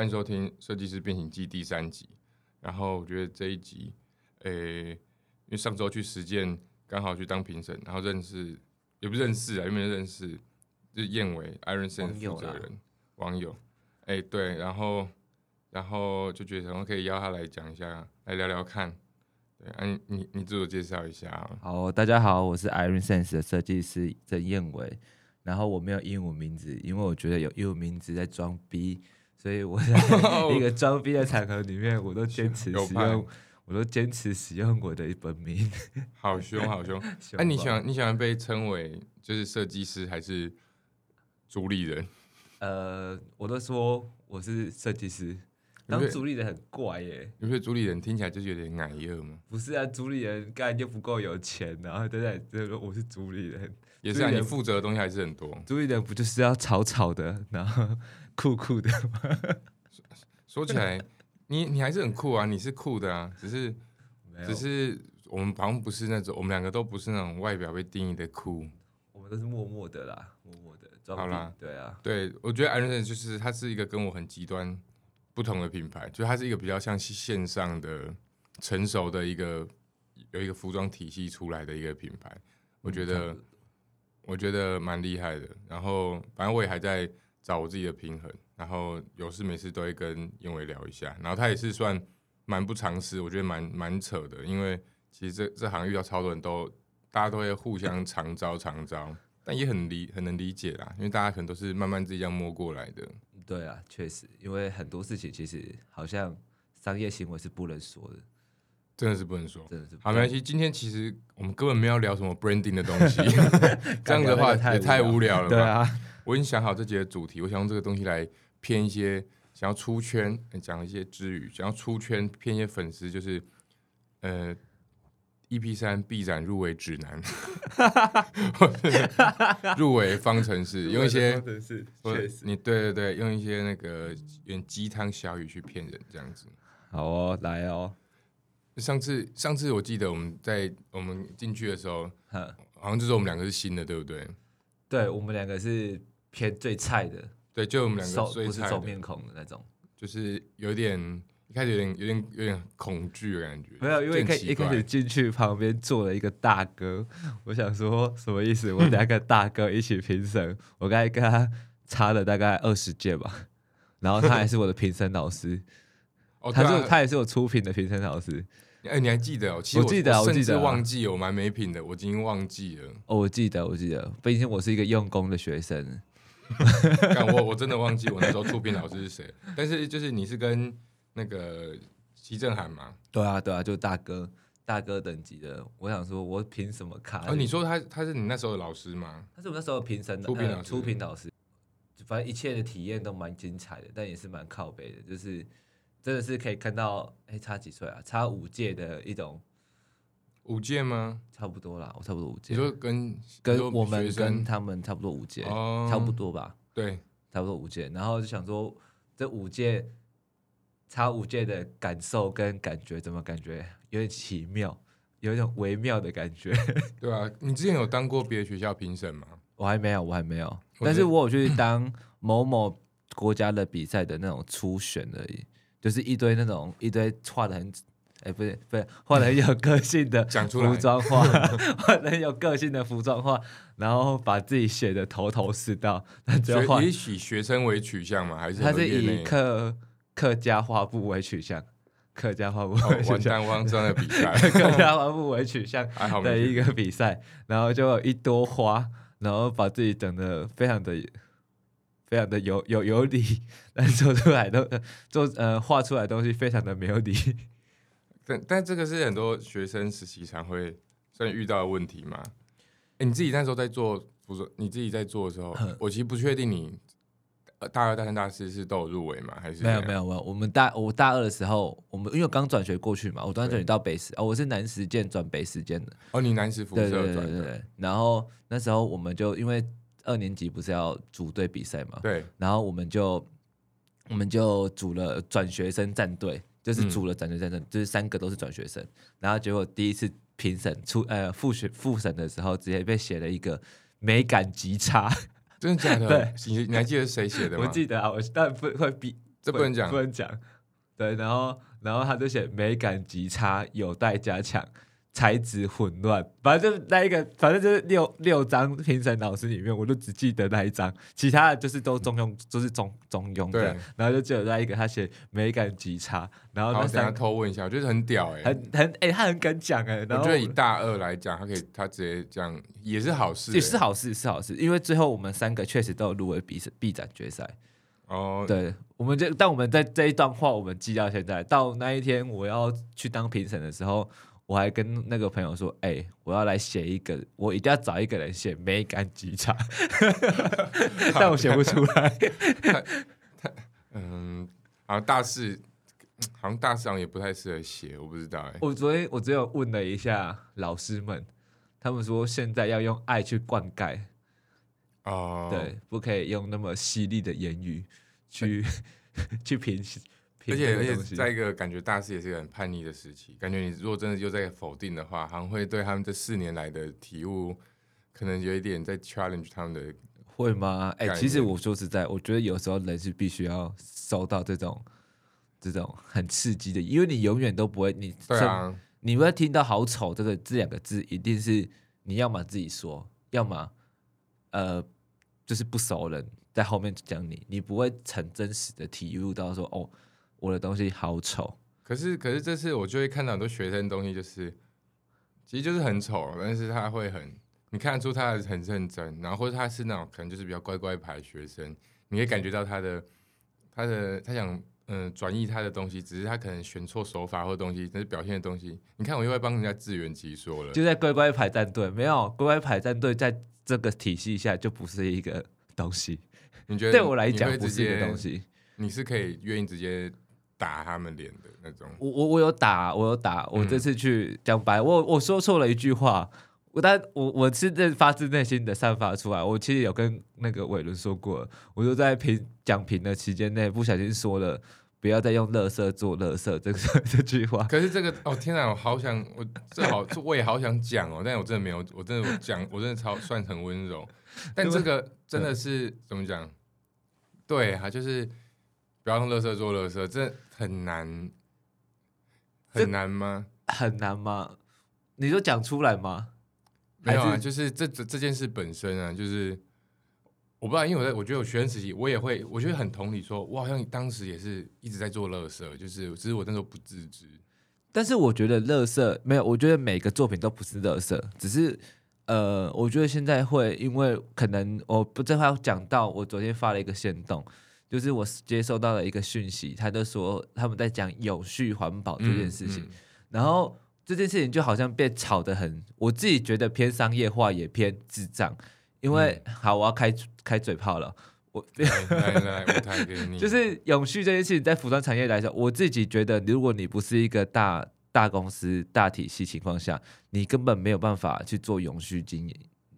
歡迎收聽《設計師變形記》第三集。然後我覺得這一集，誒、欸，因為上周去實踐，剛好去當評審，然後認識，也不認識啊，有沒有認識？嗯、就是彥維，Irensense 負責人，網友，網友。誒、欸，對，然後，然後就覺得，我可以邀他來講一下，來聊聊看。對，啊，你你自我介紹一下、啊、好，大家好，我是 Irensense 的設計師曾彥維。然後我沒有英文名字，因為我覺得有英文名字在裝逼。所以我在一個裝逼的場合裡面，我都堅持使用，我都堅持使用我的一本名 好兇好兇。好凶，好凶！那你喜歡你喜歡被稱為就是設計師還是主理人？呃，我都說我是設計師，當主理人很怪耶。有些主理人聽起來就覺得矮二嗎？不是啊，主理人當然就不夠有錢，然後等等，就說我是主理人，也是啊。你負責的東西還是很多。主理人不就是要吵吵的，然後。酷酷的， 說說起來，你你還是很酷啊，你是酷的啊，只是有只是我們好像不是那種，我們兩個都不是那種外表被定義的酷，我們都是默默的啦，默默的。好啦，對啊，對我覺得艾倫森就是他是一個跟我很極端不同的品牌，就他是一個比較像是線上的成熟的一個有一個服裝體系出來的一個品牌，嗯、我覺得我覺得蠻厲害的，然後反正我也還在。找我自己的平衡，然後有事沒事都會跟彥維聊一下，然後他也是算蠻不藏私。我覺得蠻蠻扯的，因為其實這這行遇到超多人都，大家都會互相藏招藏招， 但也很理很能理解啦，因為大家可能都是慢慢自己這樣摸過來的。對啊，確實，因為很多事情其實好像商業行為是不能說的，真的是不能說。真的是。好，沒關係，今天其實我們根本沒有聊什麼 branding 的東西， 這樣的話也太無聊了吧，對啊。我已經想好這集的主題，我想用這個東西來騙一些想要出圈、講、嗯、一些知語、想要出圈騙一些粉絲，就是呃，EP 三畢展入圍指南。 入圍方程式，用一些，你對對對，用一些那個用雞湯小語去騙人，這樣子。好哦，來哦。上次上次我記得我們在我們進去的時候，嗯、好像就是我們兩個是新的，對不對？對，我們兩個是。偏最菜的，對，就我們兩個菜不是走面孔的那種，就是有點一開始有點有點有點恐懼的感覺。沒有，因為開一開始進去旁邊坐了一個大哥，我想說什麼意思？我等下跟大哥一起評審。 我剛才跟他差了大概二十屆吧，然後他也是我的評審老師。 哦，啊、他是他也是我初評的評審老師。哎、欸，你還記得、哦？其實我,我記得、啊，我甚至我記、啊、忘記我蠻沒品的，我已經忘記了。哦，我記得，我記得，畢竟我是一個用功的學生。 我我真的忘記我那時候初評老師是誰，但是就是你是跟那個席振漢嘛？對啊，對啊，就大哥，大哥等級的。我想說，我憑什麼卡？啊，你說他他是你那時候的老師嗎？他是我那時候評審的初評老師，初評、呃、老師。反正一切的體驗都蠻精彩的，但也是蠻靠北的。就是真的是可以看到，哎、欸，差幾歲啊？差五屆的一種。五屆嗎？差不多啦，我差不多五屆。跟跟我們生跟他們差不多五屆，哦、差不多吧？對，差不多五屆。然後就想說，這五屆差五屆的感受跟感覺，怎麼感覺有點奇妙，有點微妙的感覺。對啊，你之前有當過別的學校評審嗎？ 我還沒有，我還沒有。但是我有去當某某國家的比賽的那種初選而已，嗯、就是一堆那種一堆畫的很。哎、欸，不是，不是，畫很有個性的服裝畫，畫很出 有個性的服裝畫，然後把自己寫的頭頭是道。那主要畫以學生為取向嘛？還是他是以客客家畫布為取向？客家畫布。完蛋，完蛋的比賽。客家畫布為取向、哦、的一個比賽，然後就有一朵花，然後把自己整的非常的非常的有有有理，但做出來都做呃畫出來的東西非常的沒有理。但但這個是很多學生實習常會所遇到的問題嗎？哎、欸，你自己那時候在做輻射，你自己在做的時候，哼我其實不確定你呃大二、大三、大四是都有入圍嗎？還是沒有沒有沒有？我們大我大二的時候，我們因為剛轉學過去嘛，我剛轉學到北實啊對，哦，我是南實踐轉北實踐的哦。你南實輻射轉的對對對對對，然後那時候我們就因為二年級不是要組隊比賽嘛？對，然後我們就我們就組了轉學生戰隊。就是組了轉學生，嗯，就是三個都是轉學生，然後結果第一次評審出呃復學複審的時候，直接被寫了一個美感極差，真的假的？ 對，你你還記得誰寫的嗎？我記得啊，我但不會比這不能講，不能講，對，然後然後他就寫美感極差，有待加強。材質混亂，反正就是那一個，反正就是六六張評審老師裡面，我就只記得那一張，其他的就是都中庸，都、嗯、是中中庸的。對啊、然後就只有那一個，他寫美感極差。然後想偷問一下，我覺得很屌哎、欸，很很哎、欸，他很敢講哎、欸。我覺得以大二來講，他可以，他直接講也是好事、欸，也是好事，是好事。因為最後我們三個確實都有入圍畢畢展決賽哦。對，我們就但我們在這一段話我們記到現在，到那一天我要去當評審的時候，我還跟那個朋友說：“哎、欸，我要來寫一個，我一定要找一個人寫美感極差，但我寫不出來 他他他。嗯，好像大四，好像大四好像也不太適合寫，我不知道、欸。哎，我昨天我只有問了一下老師們，他們說現在要用愛去灌溉，oh. 對，不可以用那麼犀利的言語去他去評。”而且而且，而且在一個感覺大四也是一個很叛逆的時期，感覺你如果真的就在否定的話，還會對他們這四年來的體悟，可能有一點在 challenge 他們的，會嗎？哎、欸，其實我說實在，我覺得有時候人是必須要受到這種這種很刺激的，因為你永遠都不會，你對啊，你會聽到“好醜”這個這兩個字，一定是你要麼自己說，要麼呃，就是不熟的人在後面講你，你不會成真實的體悟到說哦。我的東西好醜，可是可是這次我就會看到很多學生的東西，就是其實就是很醜，但是他會很，你看得出他是很認真，然後或是他是那種可能就是比較乖乖牌學生，你也感覺到他的他的他想嗯，轉移他的東西，只是他可能選錯手法或東西，但是表現的東西，你看我又會幫人家自圓其說了，就在乖乖牌戰隊沒有乖乖牌戰隊，在這個體系下就不是一個東西， 你覺得你對我來講不是一個東西，你是可以願意直接打他們臉的那種，我我我有打，我有打，我這次去講白，嗯、我我說錯了一句話，我但我我是在發自內心的散發出來，我其實有跟那個偉倫說過，我就在評講評的期間內不小心說了，不要再用垃圾做垃圾這、嗯、這句話。可是這個哦，天哪、啊，我好想我正好， 我也好想講哦，但我真的沒有，我真的講，我真的超 算很溫柔，但這個真的是、嗯、怎麼講？對啊，就是。不要用垃圾做垃圾，這很難，很難嗎？很難嗎？你都講出來嗎？沒有啊，是就是這這件事本身啊，就是我不知道，因為我在我覺得我學生時期我也會，我覺得很同理說，說我好像當時也是一直在做垃圾，就是只是我那時候不自知。但是我覺得垃圾沒有，我覺得每個作品都不是垃圾，只是呃，我覺得現在會因為可能我不這塊講到，我昨天發了一個限動。就是我接收到了一個訊息，他就說他們在講永續環保這件事情，嗯嗯、然後這件事情就好像被炒得很，我自己覺得偏商業化也偏智障，因為、嗯、好，我要開開嘴炮了，我來來，來我來給你 就是永續這件事情在服裝產業來說，我自己覺得如果你不是一個大大公司大體系情況下，你根本沒有辦法去做永續經營，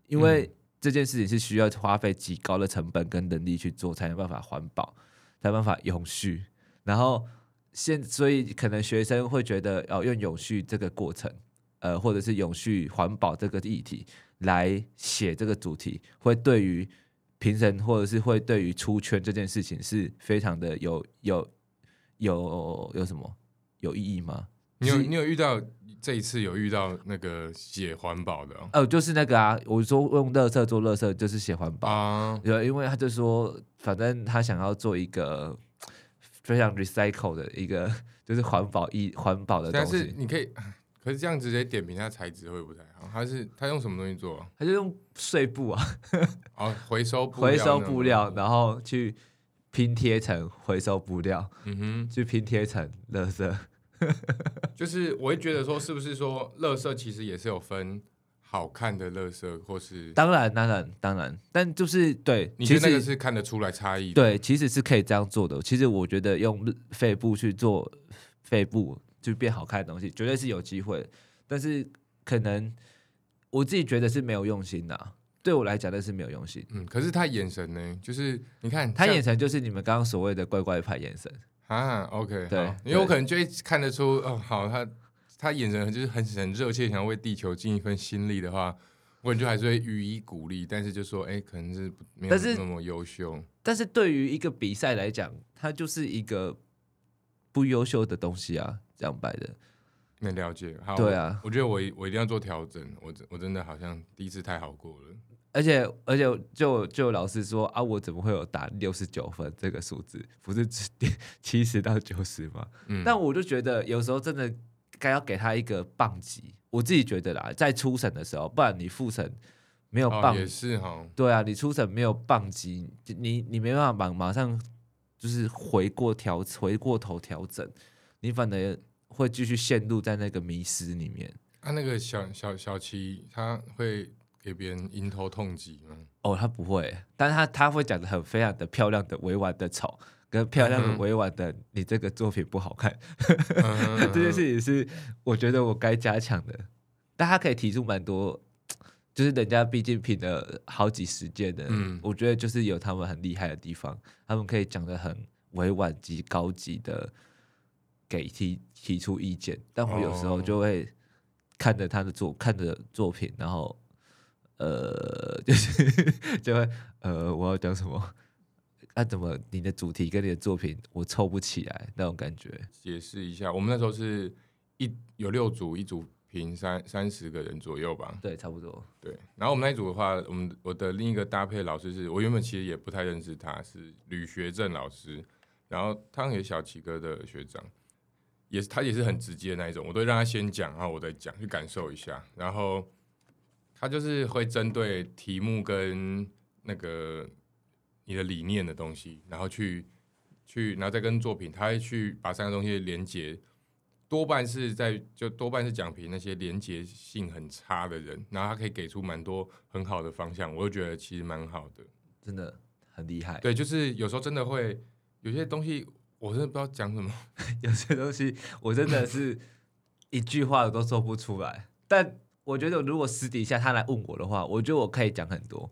因為，嗯這件事情是需要花費極高的成本跟能力去做，才有辦法環保，才有辦法永續。然後現，所以可能學生會覺得，哦、呃，用永續這個過程，呃，或者是永續環保這個議題來寫這個主題，會對於評審或者是會對於出圈這件事情，是非常的有有有有什麼有意義嗎？你有你有遇到？這一次有遇到那個寫環保的哦，哦、呃，就是那個啊，我說用垃圾做垃圾，就是寫環保啊。有，因為他就說，反正他想要做一個非常 recycle 的一個，就是環保一環保的東西。但是你可以，可是這樣直接點名他材質會不太好。他是他用什麼東西做？啊？他就用碎布啊，哦、啊，回收回收布料，然後去拼貼成回收布料，嗯哼，去拼貼成垃圾。垃圾 就是，我會覺得說，是不是說，樂色其實也是有分好看的樂色，或是當然，當然，當然，但就是對，其實，那個是看得出來差異。對，其實是可以這樣做的。其實我覺得用肺部去做肺部就變好看的東西，絕對是有機會。但是可能我自己覺得是沒有用心的、啊。對我來講，那是沒有用心。嗯，可是他眼神呢、欸？就是你看他眼神，就是你們剛剛所謂的乖乖牌眼神。啊，OK，對，好，因為我可能就會看得出，哦對、呃，好，他他眼神就是很很熱切，想要為地球盡一份心力的話，我感覺還是會予以鼓勵。但是就說，哎、欸，可能是沒有那麼優秀，但。但是對於一個比賽來講，他就是一個不優秀的東西啊，這樣擺的。沒、嗯、了解，好對啊，我覺得我我一定要做調整，我我真的好像第一次太好過了。而且而且，而且就就老師說啊，我怎麼會有打六十九分這個數字？不是只七十到九十嗎？嗯，但我就覺得有時候真的該要給他一個棒喝。我自己覺得啦，在初審的時候，不然你複審沒有棒、哦、也是哈、哦，對啊，你初審沒有棒喝，你你沒辦法馬馬上就是回過調回過頭調整，你反而會繼續陷入在那個迷思裡面。他、啊、那個小小小齊，他會。給別人迎頭痛擊嗎？哦、嗯，oh, 他不會，但他他會講的很非常的漂亮的、委婉的醜，跟漂亮的、委婉的，嗯、你這個作品不好看。 嗯、 這件事情是我覺得我該加強的。但他可以提出蠻多，就是人家畢竟品了好幾十件的，嗯、我覺得就是有他們很厲害的地方，他們可以講的很委婉及高級的給提提出意見。但我有時候就會看着他的作、哦、看着作品，然後。呃，就是 就會呃，我要講什麼？那、啊、怎麼你的主題跟你的作品我湊不起來那種感覺？解釋一下，我們那時候是一有六組，一組評三三十個人左右吧？對，差不多。對，然後我們那一組的話，我們我的另一個搭配老師是我原本其實也不太認識他，是呂學正老師，然後他也是小齊哥的學長，也是他也是很直接的那一種，我都會讓他先講，然後我再講，去感受一下，然後。他就是會針對題目跟那個你的理念的東西，然後去去，然後再跟作品，他會去把三個東西連接，多半是在就多半是講評那些連接性很差的人，然後他可以給出蠻多很好的方向，我就覺得其實蠻好的，真的很厲害。對，就是有時候真的會有些東西，我真的不知道講什麼， 有些東西我真的是一句話都說不出來， 但。我覺得如果私底下他來問我的話，我覺得我可以講很多。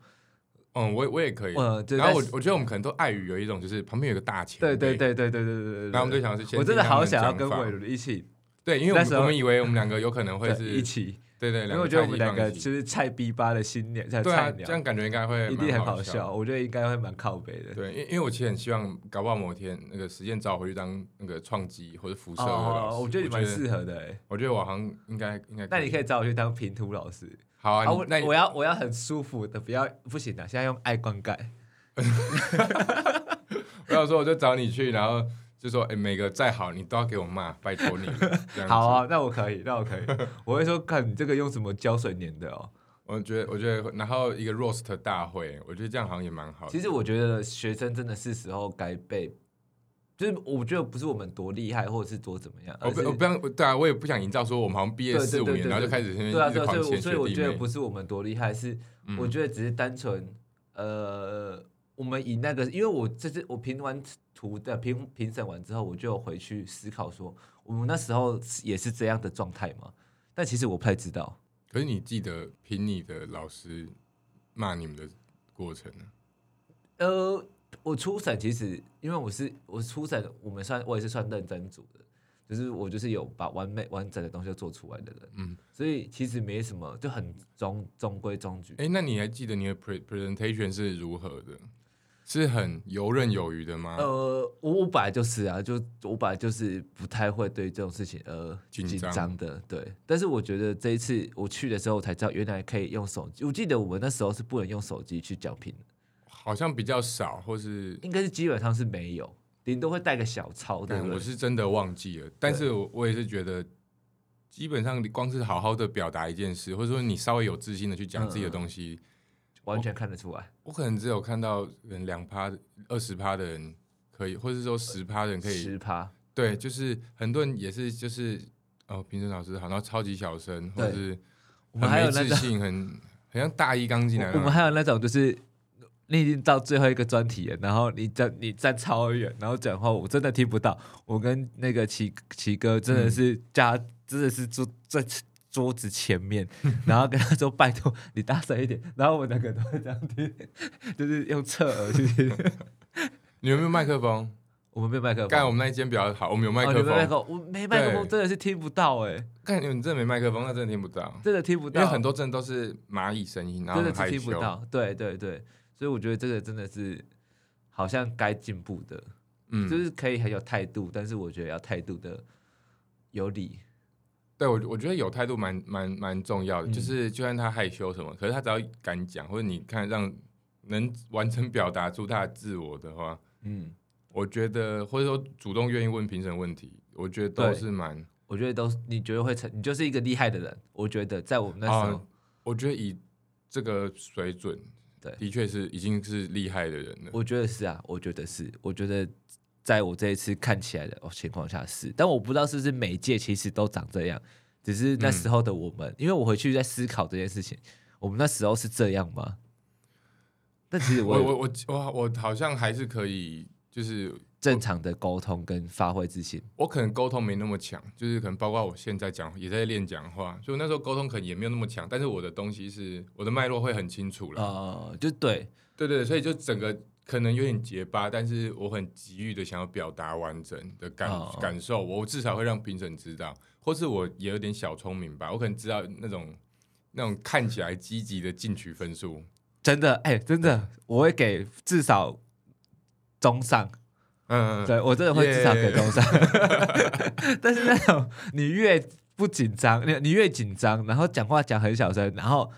嗯，我也我也可以。嗯，然後我我覺得我們可能都礙於有一種就是旁邊有個大前提。對對對對，對對對對對對對對。然後我們就想是，我真的好想要跟偉倫一起。對，因為我們我們以為我們兩個有可能會是一起。對對，因為我覺得我們兩個就是菜逼吧的新鳥，菜菜鳥，這樣感覺應該會一定很好笑。我覺得應該會蠻靠北的。對，因因為我其實很希望搞不好某一天那個時間找我回去當那個創機或者輻射老師，我覺得你蠻適合的。我覺得我好像應該應該。那你可以找我去當平圖老師。好啊，那我要我要很舒服的，不要不行的。現在用愛灌溉。不要說，我就找你去，然後。就說哎、欸，每個再好，你都要給我罵，拜托你。好啊，那我可以，那我可以。 我會說，看你這個用什麼膠水粘的哦。我覺得，我覺得，然後一個 roast 大會，我覺得這樣好像也蠻好的。其實我覺得學生真的是時候該被，就是我覺得不是我們多厲害，或者是多怎麼樣。我不我不想，對啊，我也不想營造說我們好像畢業四五年然後就開始對啊，對啊。所以我覺得不是我們多厲害，是我覺得只是單純、嗯、呃。我們以那個，因為我這次我評完圖的評評審完之後，我就回去思考說，我們那時候也是這樣的狀態嘛。但其實我不太知道。可是你記得評你的老師罵你們的過程呢？呃，我初審其實因為我是我初審，我們算我也是算認真組的，就是我就是有把完美完整的東西要做出來的人，嗯，所以其實沒什麼，就很中中規中矩。誒，那你還記得你的 presentation 是如何的？是很游刃有餘的嗎？嗯、呃，我本來就是啊，就我本來就是不太會對這種事情呃緊張的，張對。但是我覺得這一次我去的時候才知道，原來可以用手機。我記得我們那時候是不能用手機去講評的，好像比較少，或是應該是基本上是沒有。你、嗯、都會帶個小抄的。看對，對，我是真的忘記了。但是我對我也是覺得，基本上你光是好好的表達一件事，或者說你稍微有自信的去講自己的東西。嗯完全看得出來、哦，我可能只有看到嗯兩趴二十趴的人可以，或是說十趴的人可以。十趴。對，嗯、就是很多人也是就是哦，評審老師好像超級小聲，對或者是很沒自信。我們還有那種很很像大一剛進來的。的。我們還有那種就是你已經到最後一個專題了，然後你站你站超遠，然後講話我真的聽不到。我跟那個奇奇哥真的是加，他、嗯、真的是做最。桌子前面，然後跟他說：“ 拜託，你大聲一點。”然後我們兩個都會這樣聽，就是用側耳去聽。是是你有沒有麥克風？我們沒有麥克風。剛才我們那一間比較好，我們有麥克風。我沒麥克風，真的，是聽不到哎、欸。幹，你真的沒麥克風，那真的聽不到。真的聽不到，因為很多真的都是螞蟻聲音，然後真的是聽不到。對對對，所以我覺得這個真的是好像該進步的，嗯、就是可以很有態度，但是我覺得要態度的有理。對，我我覺得有態度蠻蠻蠻重要的，就是就算他害羞什麼，嗯，可是他只要敢講，或者你看讓能完成表達出他的自我的話，嗯，我覺得或者說主動願意問評審問題，我覺得都是蠻，我覺得都，你覺得會成，你就是一個厲害的人，我覺得在我們那時候，uh, 我覺得以這個水準，對，的確是已經是厲害的人了，我覺得是啊，我覺得是，我覺得。在我這一次看起來的哦情況下是，但我不知道是不是每一屆其實都長這樣，只是那時候的我們，嗯、因為我回去在思考這件事情，我們那時候是這樣嗎？但其實我我我我，我好像還是可以，就是正常的溝通跟發揮自信。我可能溝通沒那麼強，就是可能包括我現在講也在練講話，所以那時候溝通可能也沒有那麼強，但是我的東西是我的脈絡會很清楚了啊，uh, 就對，對對對，所以就整個。可能有點結巴，嗯、但是我很急欲的想要表達完整的感、哦、感受，我至少會讓評審知道，嗯、或是我也有點小聰明吧，我可能知道那種那種看起來積極的進取分數。欸，真的，哎，嗯，真的，我會給至少中上，嗯，對，我真的會至少給中上，嗯、 但是那種你越不緊張，你你越緊張，然後講話講很小聲，然後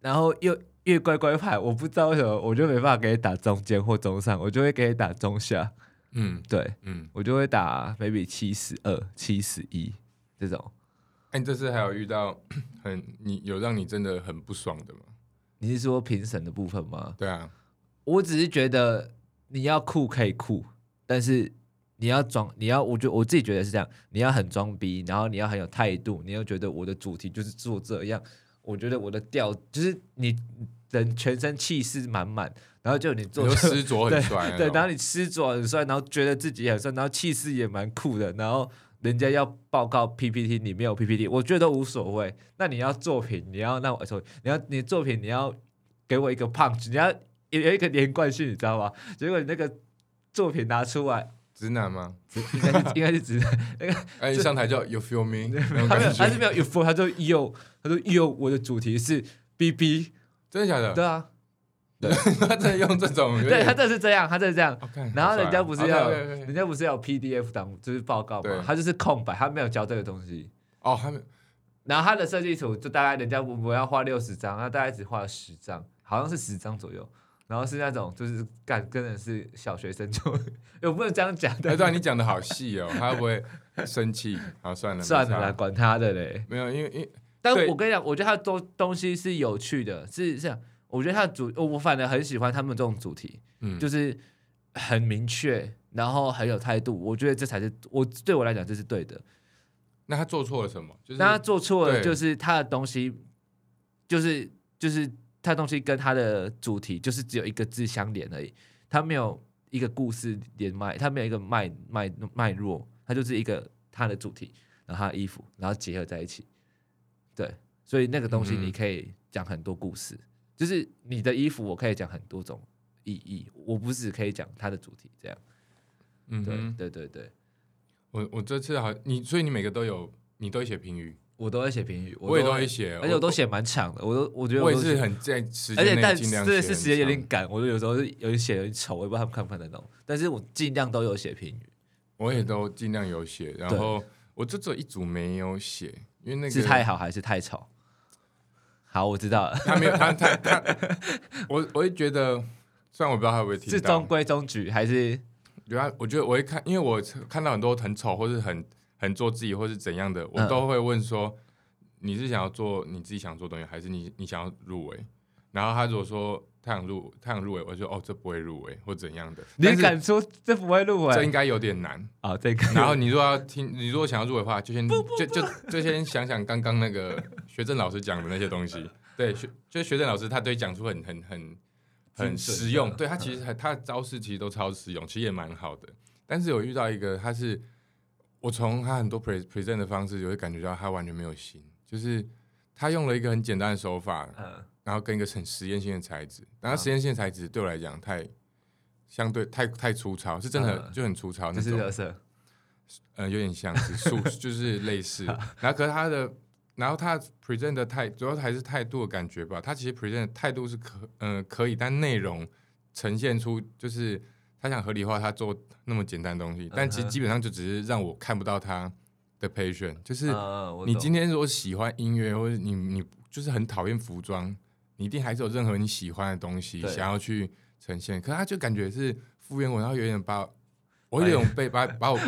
然後又。因為乖乖牌，我不知道為什麼，我就沒辦法給你打中間或中上，我就會給你打中下。嗯，對，嗯，我就會打 maybe 七十二、七十一這種。哎、欸，你這次還有遇到很，很你有讓你真的很不爽的嗎？你是說評審的部分嗎？對啊，我只是覺得你要酷可以酷，但是你要裝，你要，我覺我自己覺得是這樣，你要很裝逼，然後你要很有態度，你要覺得我的主題就是做這樣，我覺得我的調就是你。人全身氣勢滿滿，然後就你做就，你吃着很帥，欸，對，然後你吃着很帥，然後覺得自己很帥，然後氣勢也蠻酷的，然後人家要報告 PPT，你沒有 PPT，我覺得都無所謂。那你要作品，你要那我，你要你作品，你要給我一個 punch，你要有一個連貫性，你知道嗎？結果你那個作品拿出來，直男嗎？應該是直男。 那個，哎，就上台叫 You feel me，沒有，還是沒有 You feel，他就 You，他說 You，我的主題是 BB。真的假的？對啊，對他真的用這種，對他真是這樣，他真是這樣。然後人家不是要，人家不是要 PDF 檔，就是報告嘛。他就是空白，他沒有交這個東西。哦，然後他的設計圖就大概人家我要畫六十張，他大概只畫了十張，好像是十張左右。然後是那種就是幹，真的是小學生做，我不能這樣講的。那你講的好細哦，他會不會生氣？啊，算了算了管他的嘞。沒有，因為因。但是對我跟你講，我覺得他做東西是有趣的，是是，我覺得他主，我我反正很喜歡他們這種主題，嗯，就是很明確，然後很有態度。我覺得這才是我對我來講，這是對的。那他做錯了什麼？那、就是、他做錯了，就是他的東西，對就是就是他的東西跟他的主題就是只有一個字相連而已。他沒有一個故事連麥，他沒有一個脈脈脈絡，他就是一個他的主題，然後他的衣服，然後結合在一起。對，所以那個東西你可以講很多故事，嗯、哼就是你的衣服，我可以講很多種意義，我不只可以講它的主題這樣。嗯哼，對對對對，我我這次好像，你所以你每個都有，你都會寫評語，我都會寫評語，我,我也都會寫，而且我都寫蠻長的，我都我覺得我,都我也是很在很，而且但是是時間有點趕，我就有時候是有點寫有點醜，我也不知道他們看不看得懂，但是我儘量都有寫評語，我也都儘量有寫，對然後我就只有一組沒有寫。因為那個、是太好還是太醜？好，我知道了。他沒有他他他，他他 我我會覺得，雖然我不知道他會不會聽到，是中規中矩還是？對啊，我覺得我一看，因為我看到很多很醜，或是很很做自己，或是怎樣的，我都會問說：嗯、你是想要做你自己想做的東西，還是你你想要入圍？然後他如果說他想入他想入圍，我就說哦，這不會入圍或怎樣的。你敢說這不會入圍？這應該有點難啊、哦。這個。然後你如果要聽，你如果想要入圍的話，就先不不不就就就先想想剛剛那個學政老師講的那些東西。 對，學 就學，就學正老師，他對會講出很很很很實用。對他其實呵他招式其實都超實用，其實也蠻好的。但是有遇到一個，他是我從他很多 pre present 的方式，就會感覺到他完全沒有心，就是他用了一個很簡單的手法。嗯然後跟一個很實驗性的材質，然後實驗性的材質對我來講太相對太太粗糙，是真的就很粗糙、uh huh. 那種。就是特色，呃、嗯，有點像是， 就是類似。Uh huh. 然後可是他的，然後他 present 的態，主要還是態度的感覺吧。他其實 present 的態度是可，嗯、呃，可以，但內容呈現出就是他想合理化他做那麼簡單的東西，uh huh. 但其實基本上就只是讓我看不到他的 patient。就是、uh huh. 你今天如果喜歡音樂，uh huh. 或者你你就是很討厭服裝。你一定還是有任何你喜歡的東西想要去呈現，對可他就感覺是敷衍我，然後有點把我，我有點被把 把我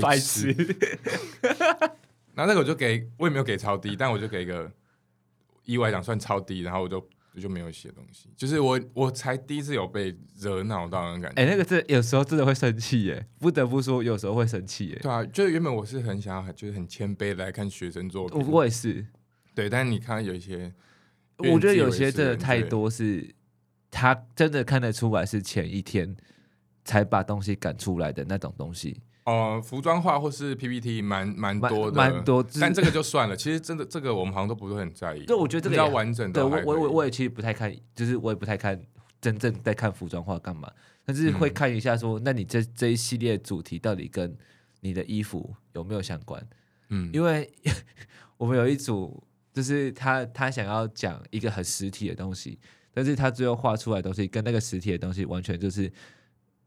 白痴。 然後那個我就給，我也沒有給超低，但我就給一個以外來講算超低，然後我就我就沒有寫東西。就是我我才第一次有被惹惱到的感覺。哎、欸，那個是有時候真的會生氣耶，不得不說有時候會生氣耶。對啊，就是原本我是很想要，就是很謙卑來看學生作品，我也是。對，但是你看有一些。我覺得有些真的太多，是他真的看得出來是前一天才把東西趕出來的那種東西。哦、呃，服裝畫或是 PPT，蠻蠻多的，蠻，蠻多。但這個就算了。 其實真的，這個我們好像都不會很在意。對，我覺得這個比較完整的對。對我，我，我也其實不太看，就是我也不太看真正在看服裝畫幹嘛，但是會看一下說，嗯、那你這這一系列主題到底跟你的衣服有沒有相關？嗯，因為 我們有一組。就是他，他想要講一個很實體的東西，但是他最後畫出來的東西跟那個實體的東西完全就是，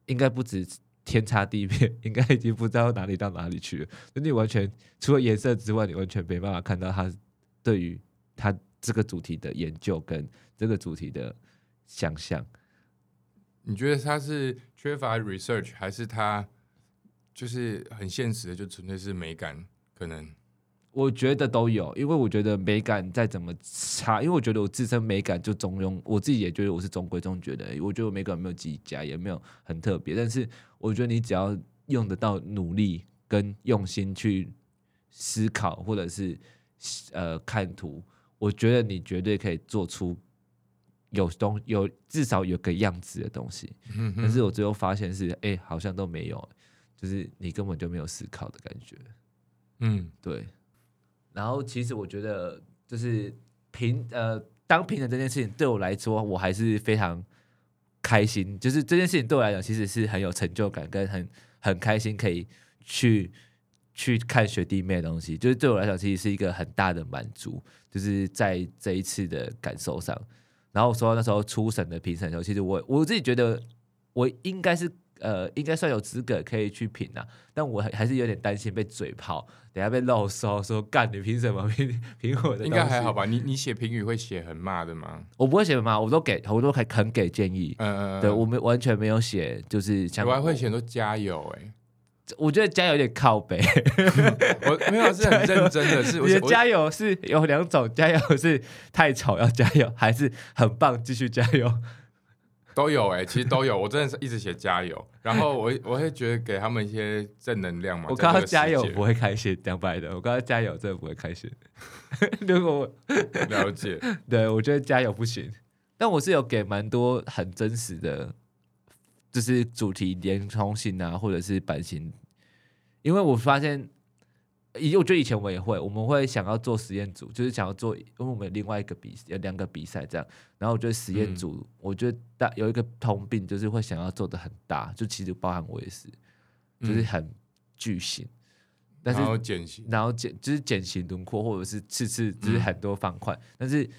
應該不止天差地別，應該已經不知道哪裡到哪裡去了。那你完全除了顏色之外，你完全沒辦法看到他對於他這個主題的研究跟這個主題的想象。你覺得他是缺乏 research，還是他就是很現實的，就純粹是美感可能？我覺得都有，因為我覺得美感再怎麼差，因為我覺得我自身美感就中庸，我自己也覺得我是中規中矩的。我覺得我美感有沒有極佳，也沒有很特別。但是我覺得你只要用得到努力跟用心去思考，或者是呃看圖，我覺得你絕對可以做出有東有，有至少有個樣子的東西。但是我最後發現是，哎、欸，好像都沒有，就是你根本就沒有思考的感覺。嗯，嗯，對。然後其實我覺得就是評呃當評審這件事情對我來說，我還是非常開心，就是這件事情對我來講其實是很有成就感跟很很開心可以去去看學弟妹的東西，就是對我來講其實是一個很大的滿足，就是在這一次的感受上。然後說到那時候初審的評審時候，其實我我自己覺得我應該是。呃，應該算有資格可以去評啊，但我還是有點擔心被嘴炮，等下被漏收，說幹你憑什麼評我的？應該還好吧？你你寫評語會寫很慢的嗎？我不會寫罵，我都給，我都還肯給建議。嗯嗯、呃、對，我沒完全沒有寫，就是像我還會寫都加油、欸，哎，我覺得加油有點靠北、 嗯。我沒有是很認真的，油是我覺得加油是有兩種，加油是太醜要加油，還是很棒繼續加油。都有哎、欸，其實都有， 我真的是一直寫加油，然後我我會覺得給他們一些正能量嘛。我剛剛加油不會開心，講 白的，我剛剛加油真的不會開心。 如果我了解， 對我覺得加油不行，但我是有給蠻多很真實的，就是主題連通性啊，或者是版型，因為我發現。以我覺得以前我也會，我們會想要做實驗組，就是想要做，因為我們有另外一個比有兩個比賽這樣。然後我覺得實驗組，嗯、我覺得大有一個通病，就是會想要做得很大，就其實包含我也是，就是很巨型。嗯、但是然後減型，然後減就是減型輪廓，或者是次次就是很多方塊，嗯、但是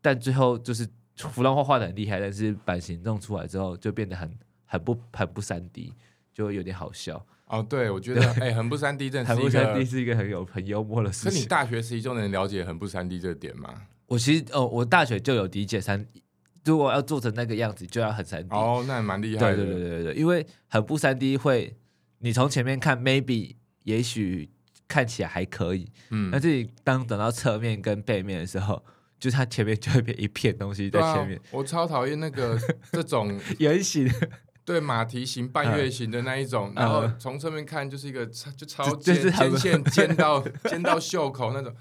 但最後就是服裝畫畫的很厲害，但是版型弄出來之後就變得很很不很不三 D，就有點好笑。哦，對，我覺得很對、欸、不三 D，這很不三 D 是一個很有很幽默的事情。那你大學時期就能了解很不三 D 這點嗎？我其實哦，我大學就有理解三 D，如果要做成那個樣子，就要很三 D。哦，那還蠻厲害的。對對對對對，因為很不三 D 會，你從前面看，maybe 也許看起來還可以，嗯，那自己當等到側面跟背面的時候，就它前面就會變一片東西在前面。啊、我超討厭那個 這種原型的對馬蹄形、半月形的那一種，然後從側面看就是一個超，就超肩肩線肩到肩 到袖口那種，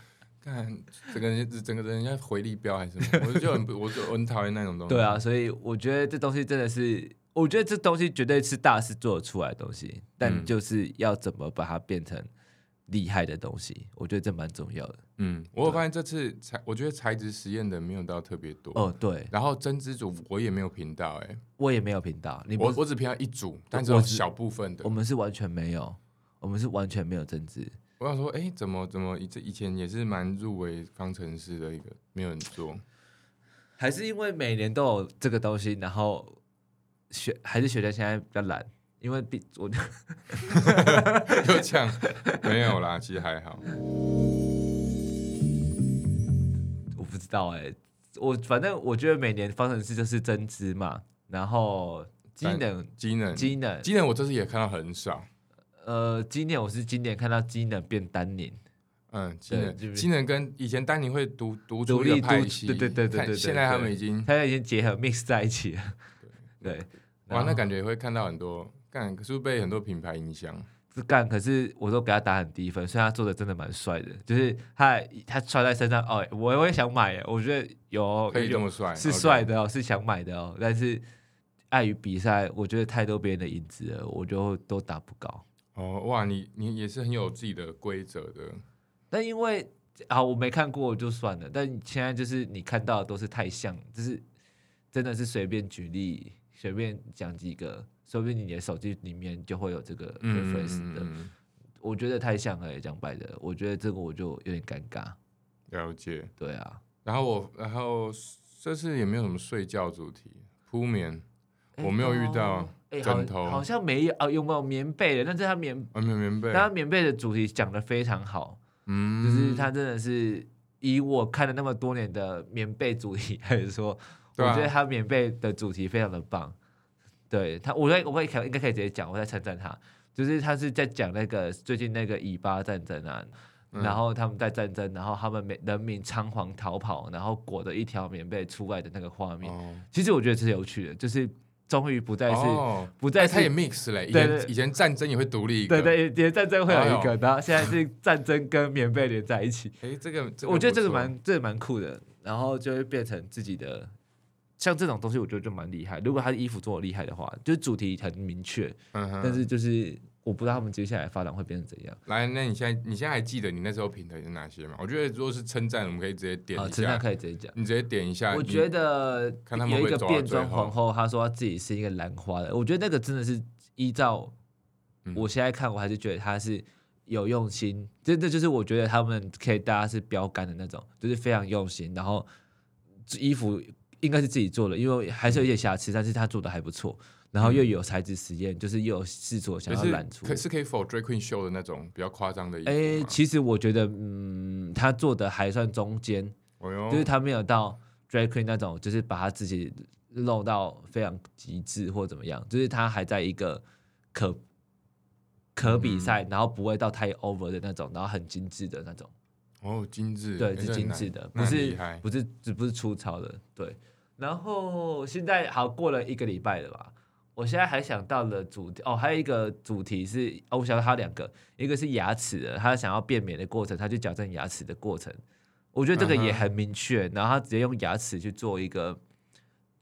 看整個人整個人像回力鏢還是什麼，我就很我就很討厭那種東西。對啊，所以我覺得這東西真的是，我覺得這東西絕對是大師做得出來的東西，但就是要怎麼把它變成。厲害的東西，我覺得這蠻重要的。嗯，我有發現這次材，對我覺得材質實驗的沒有到特別多。哦，對。然後針織組我也沒有評到，欸，哎，我也沒有評到。你我我只評到一組，但只有我是小部分的。我們是完全沒有，我們是完全沒有針織。我想說，哎、欸，怎麼怎麼以前也是蠻入圍方程式的一個，沒有人做，還是因為每年都有這個東西，然後學還是學的現在比較懶。因為比我，就這樣沒有啦，其實還好。我不知道哎，我反正我覺得每年方程式就是針織嘛，然後機能、機能、機能、機能，我這次也看到很少。呃，今年我是今年看到機能變丹寧，嗯，機能跟以前丹寧會獨獨立派系，對對對對對，現在他們已經，現在已經結合 mix 在一起了。對，哇，那感覺會看到很多。幹，可是，是被很多品牌影響，是幹，可是我都給他打很低分，雖然他做的真的蠻帥的，就是他他穿在身上哦，我也想買耶，我覺得有可以這麼帥是帥的哦，okay 是想買的哦，但是礙於比賽，我覺得太多別人的影子了，我就都打不高。哦哇，你你也是很有自己的規則的，但因為啊我沒看過就算了，但現在就是你看到的都是太像，就是真的是隨便舉例。隨便講幾個，說不定你的手機裡面就會有這個 reference、嗯、的。嗯嗯嗯、我覺得太像了，講白的，我覺得這個我就有點尷尬。了解，對啊。然後我，然後這次也沒有什麼睡覺主題，鋪棉，欸、我沒有遇到枕頭。哎、欸，好，好像沒有啊？有沒有棉被的？那是他棉，啊，棉被。但他棉被的主題講的非常好，嗯，就是他真的是，以我看了那麼多年的棉被主題，還是說。對啊、我覺得他棉被的主題非常的棒，對他，我會，我可，應該可以直接講，我在稱讚他，就是他是在講那個最近那個以巴戰爭啊，嗯、然後他們在戰爭，然後他們每人民倉皇逃跑，然後裹着一條棉被出來的那個畫面，哦、其實我覺得是有趣的，就是終於不再是、哦、不再他也 mix 嘞，以前對對對，以前戰爭也會獨立，對，對對，以前戰爭會有一個，哎、呦然後現在是戰爭跟棉被連在一起，誒、哎，這個、這個、我覺得這個蠻這個蠻酷的，然後就會變成自己的。像這種東西，我覺得就蠻厲害。如果他的衣服做得厲害的話，就是主題很明確。嗯、哼但是就是我不知道他們接下來發展會變成怎樣。來，那你現在你現在還記得你那時候評論有哪些嗎？我覺得如果是稱讚，我們可以直接點一下。嗯呃、稱讚可以直接講。你直接點一下。我覺得他們有一個變裝皇後，他說他自己是一個蘭花的。我覺得那個真的是依照我現在看，我還是覺得他是有用心。嗯、真的就是我覺得他們可以，大家是標杆的那種，就是非常用心，然後衣服。應該是自己做的，因為還是有些瑕疵，嗯、但是他做的還不錯，然後又有材質實驗，嗯、就是又有製作想要攬出，可是，是可以 for drag queen show 的那種比較誇張的衣服。欸，其實我覺得，嗯，他做的還算中間，哦、呦就是他沒有到 drag queen 那種，就是把他自己弄到非常極致或怎麼樣，就是他還在一個可可比賽，嗯、然後不會到太 over 的那種，然後很精緻的那種。哦，精緻，對，欸、是精緻的，不是不是只不，不是粗糙的，對。然後現在好過了一個禮拜了吧？我現在還想到了主題哦，還有一個主題是哦，我想到它兩個，一個是牙齒的，他想要變美的過程，他去矯正牙齒的過程，我覺得這個也很明確。啊、哈然後他直接用牙齒去做一個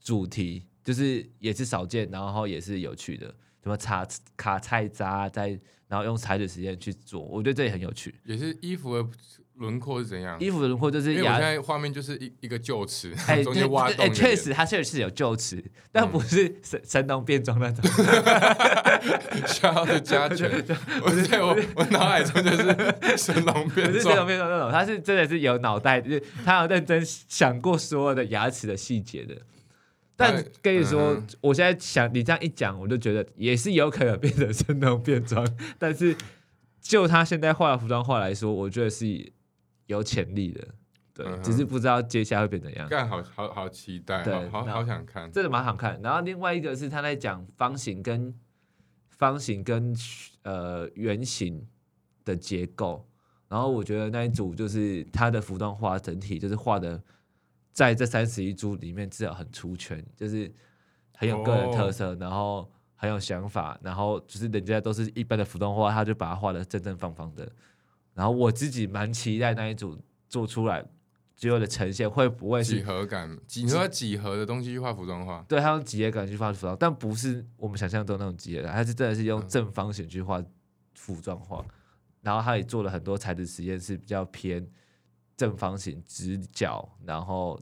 主題，就是也是少見，然後也是有趣的，什麼卡卡菜渣再然後用彩紙時間去做，我覺得這也很有趣，也是衣服。輪廓是怎樣？衣服的輪廓就是牙。現在畫面就是一一個臼齒，哎、欸，中間挖洞，哎，確、就是欸、實，他確實是有臼齒，但不是神、嗯、神龍變裝那種。 想要的家權，是我在我是是我腦海中就是神龍變裝，神龍變裝那種，他是真的是有腦袋，就是他有認真想過所有的牙齒的細節的。但跟你說，嗯、我現在想你這樣一講，我就覺得也是有可能變成神龍變裝，但是就他現在畫的服裝畫來說，我覺得是。以。有潛力的，對，只是、嗯、哼不知道接下來會變怎樣。但好好好期待，對好好，好想看。這個蠻好看的。然後另外一個是他在講方形跟方形跟呃圓形的結構。然後我覺得那一組就是他的服裝畫整體就是畫的，在這三十一組裡面至少很出圈，就是很有個人特色，哦、然後很有想法，然後就是人家都是一般的服裝畫，他就把它畫的正正方方的。然後我自己蠻期待那一組做出來最後的呈現會不會是幾何感，幾何幾何的東西去畫服裝畫，對，他用幾何感去畫服裝，但不是我們想象中那種幾何，他是真的是用正方形去畫服裝畫，嗯、然後他也做了很多材質實驗，是比較偏正方形、直角，然後。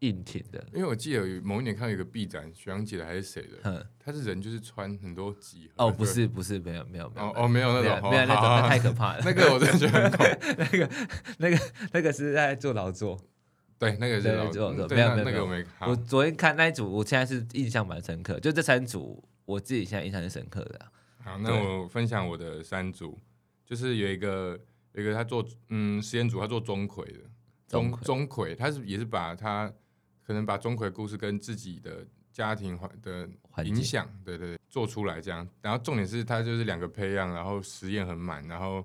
硬挺的，因為我記得有某一年看有個畢展，學長姐的，還是誰的，他是人就是穿很多幾哦，不是不是沒有沒有有。哦，沒有那種沒有那種太可怕了，那個我真的覺得那個那個那個是在做勞作，對那個是做勞作，沒有那個我沒我昨天看那組，我現在是印象蠻深刻，就這三組我自己現在印象是深刻的。好，那我分享我的三組，就是有一個一個他做嗯實驗組，他做鍾馗的鍾，鍾馗，他是也是把他。可能把鍾馗的故事跟自己的家庭環的影響，境對對對，做出來這樣。然後重點是他就是兩個培養，然後實驗很滿，然後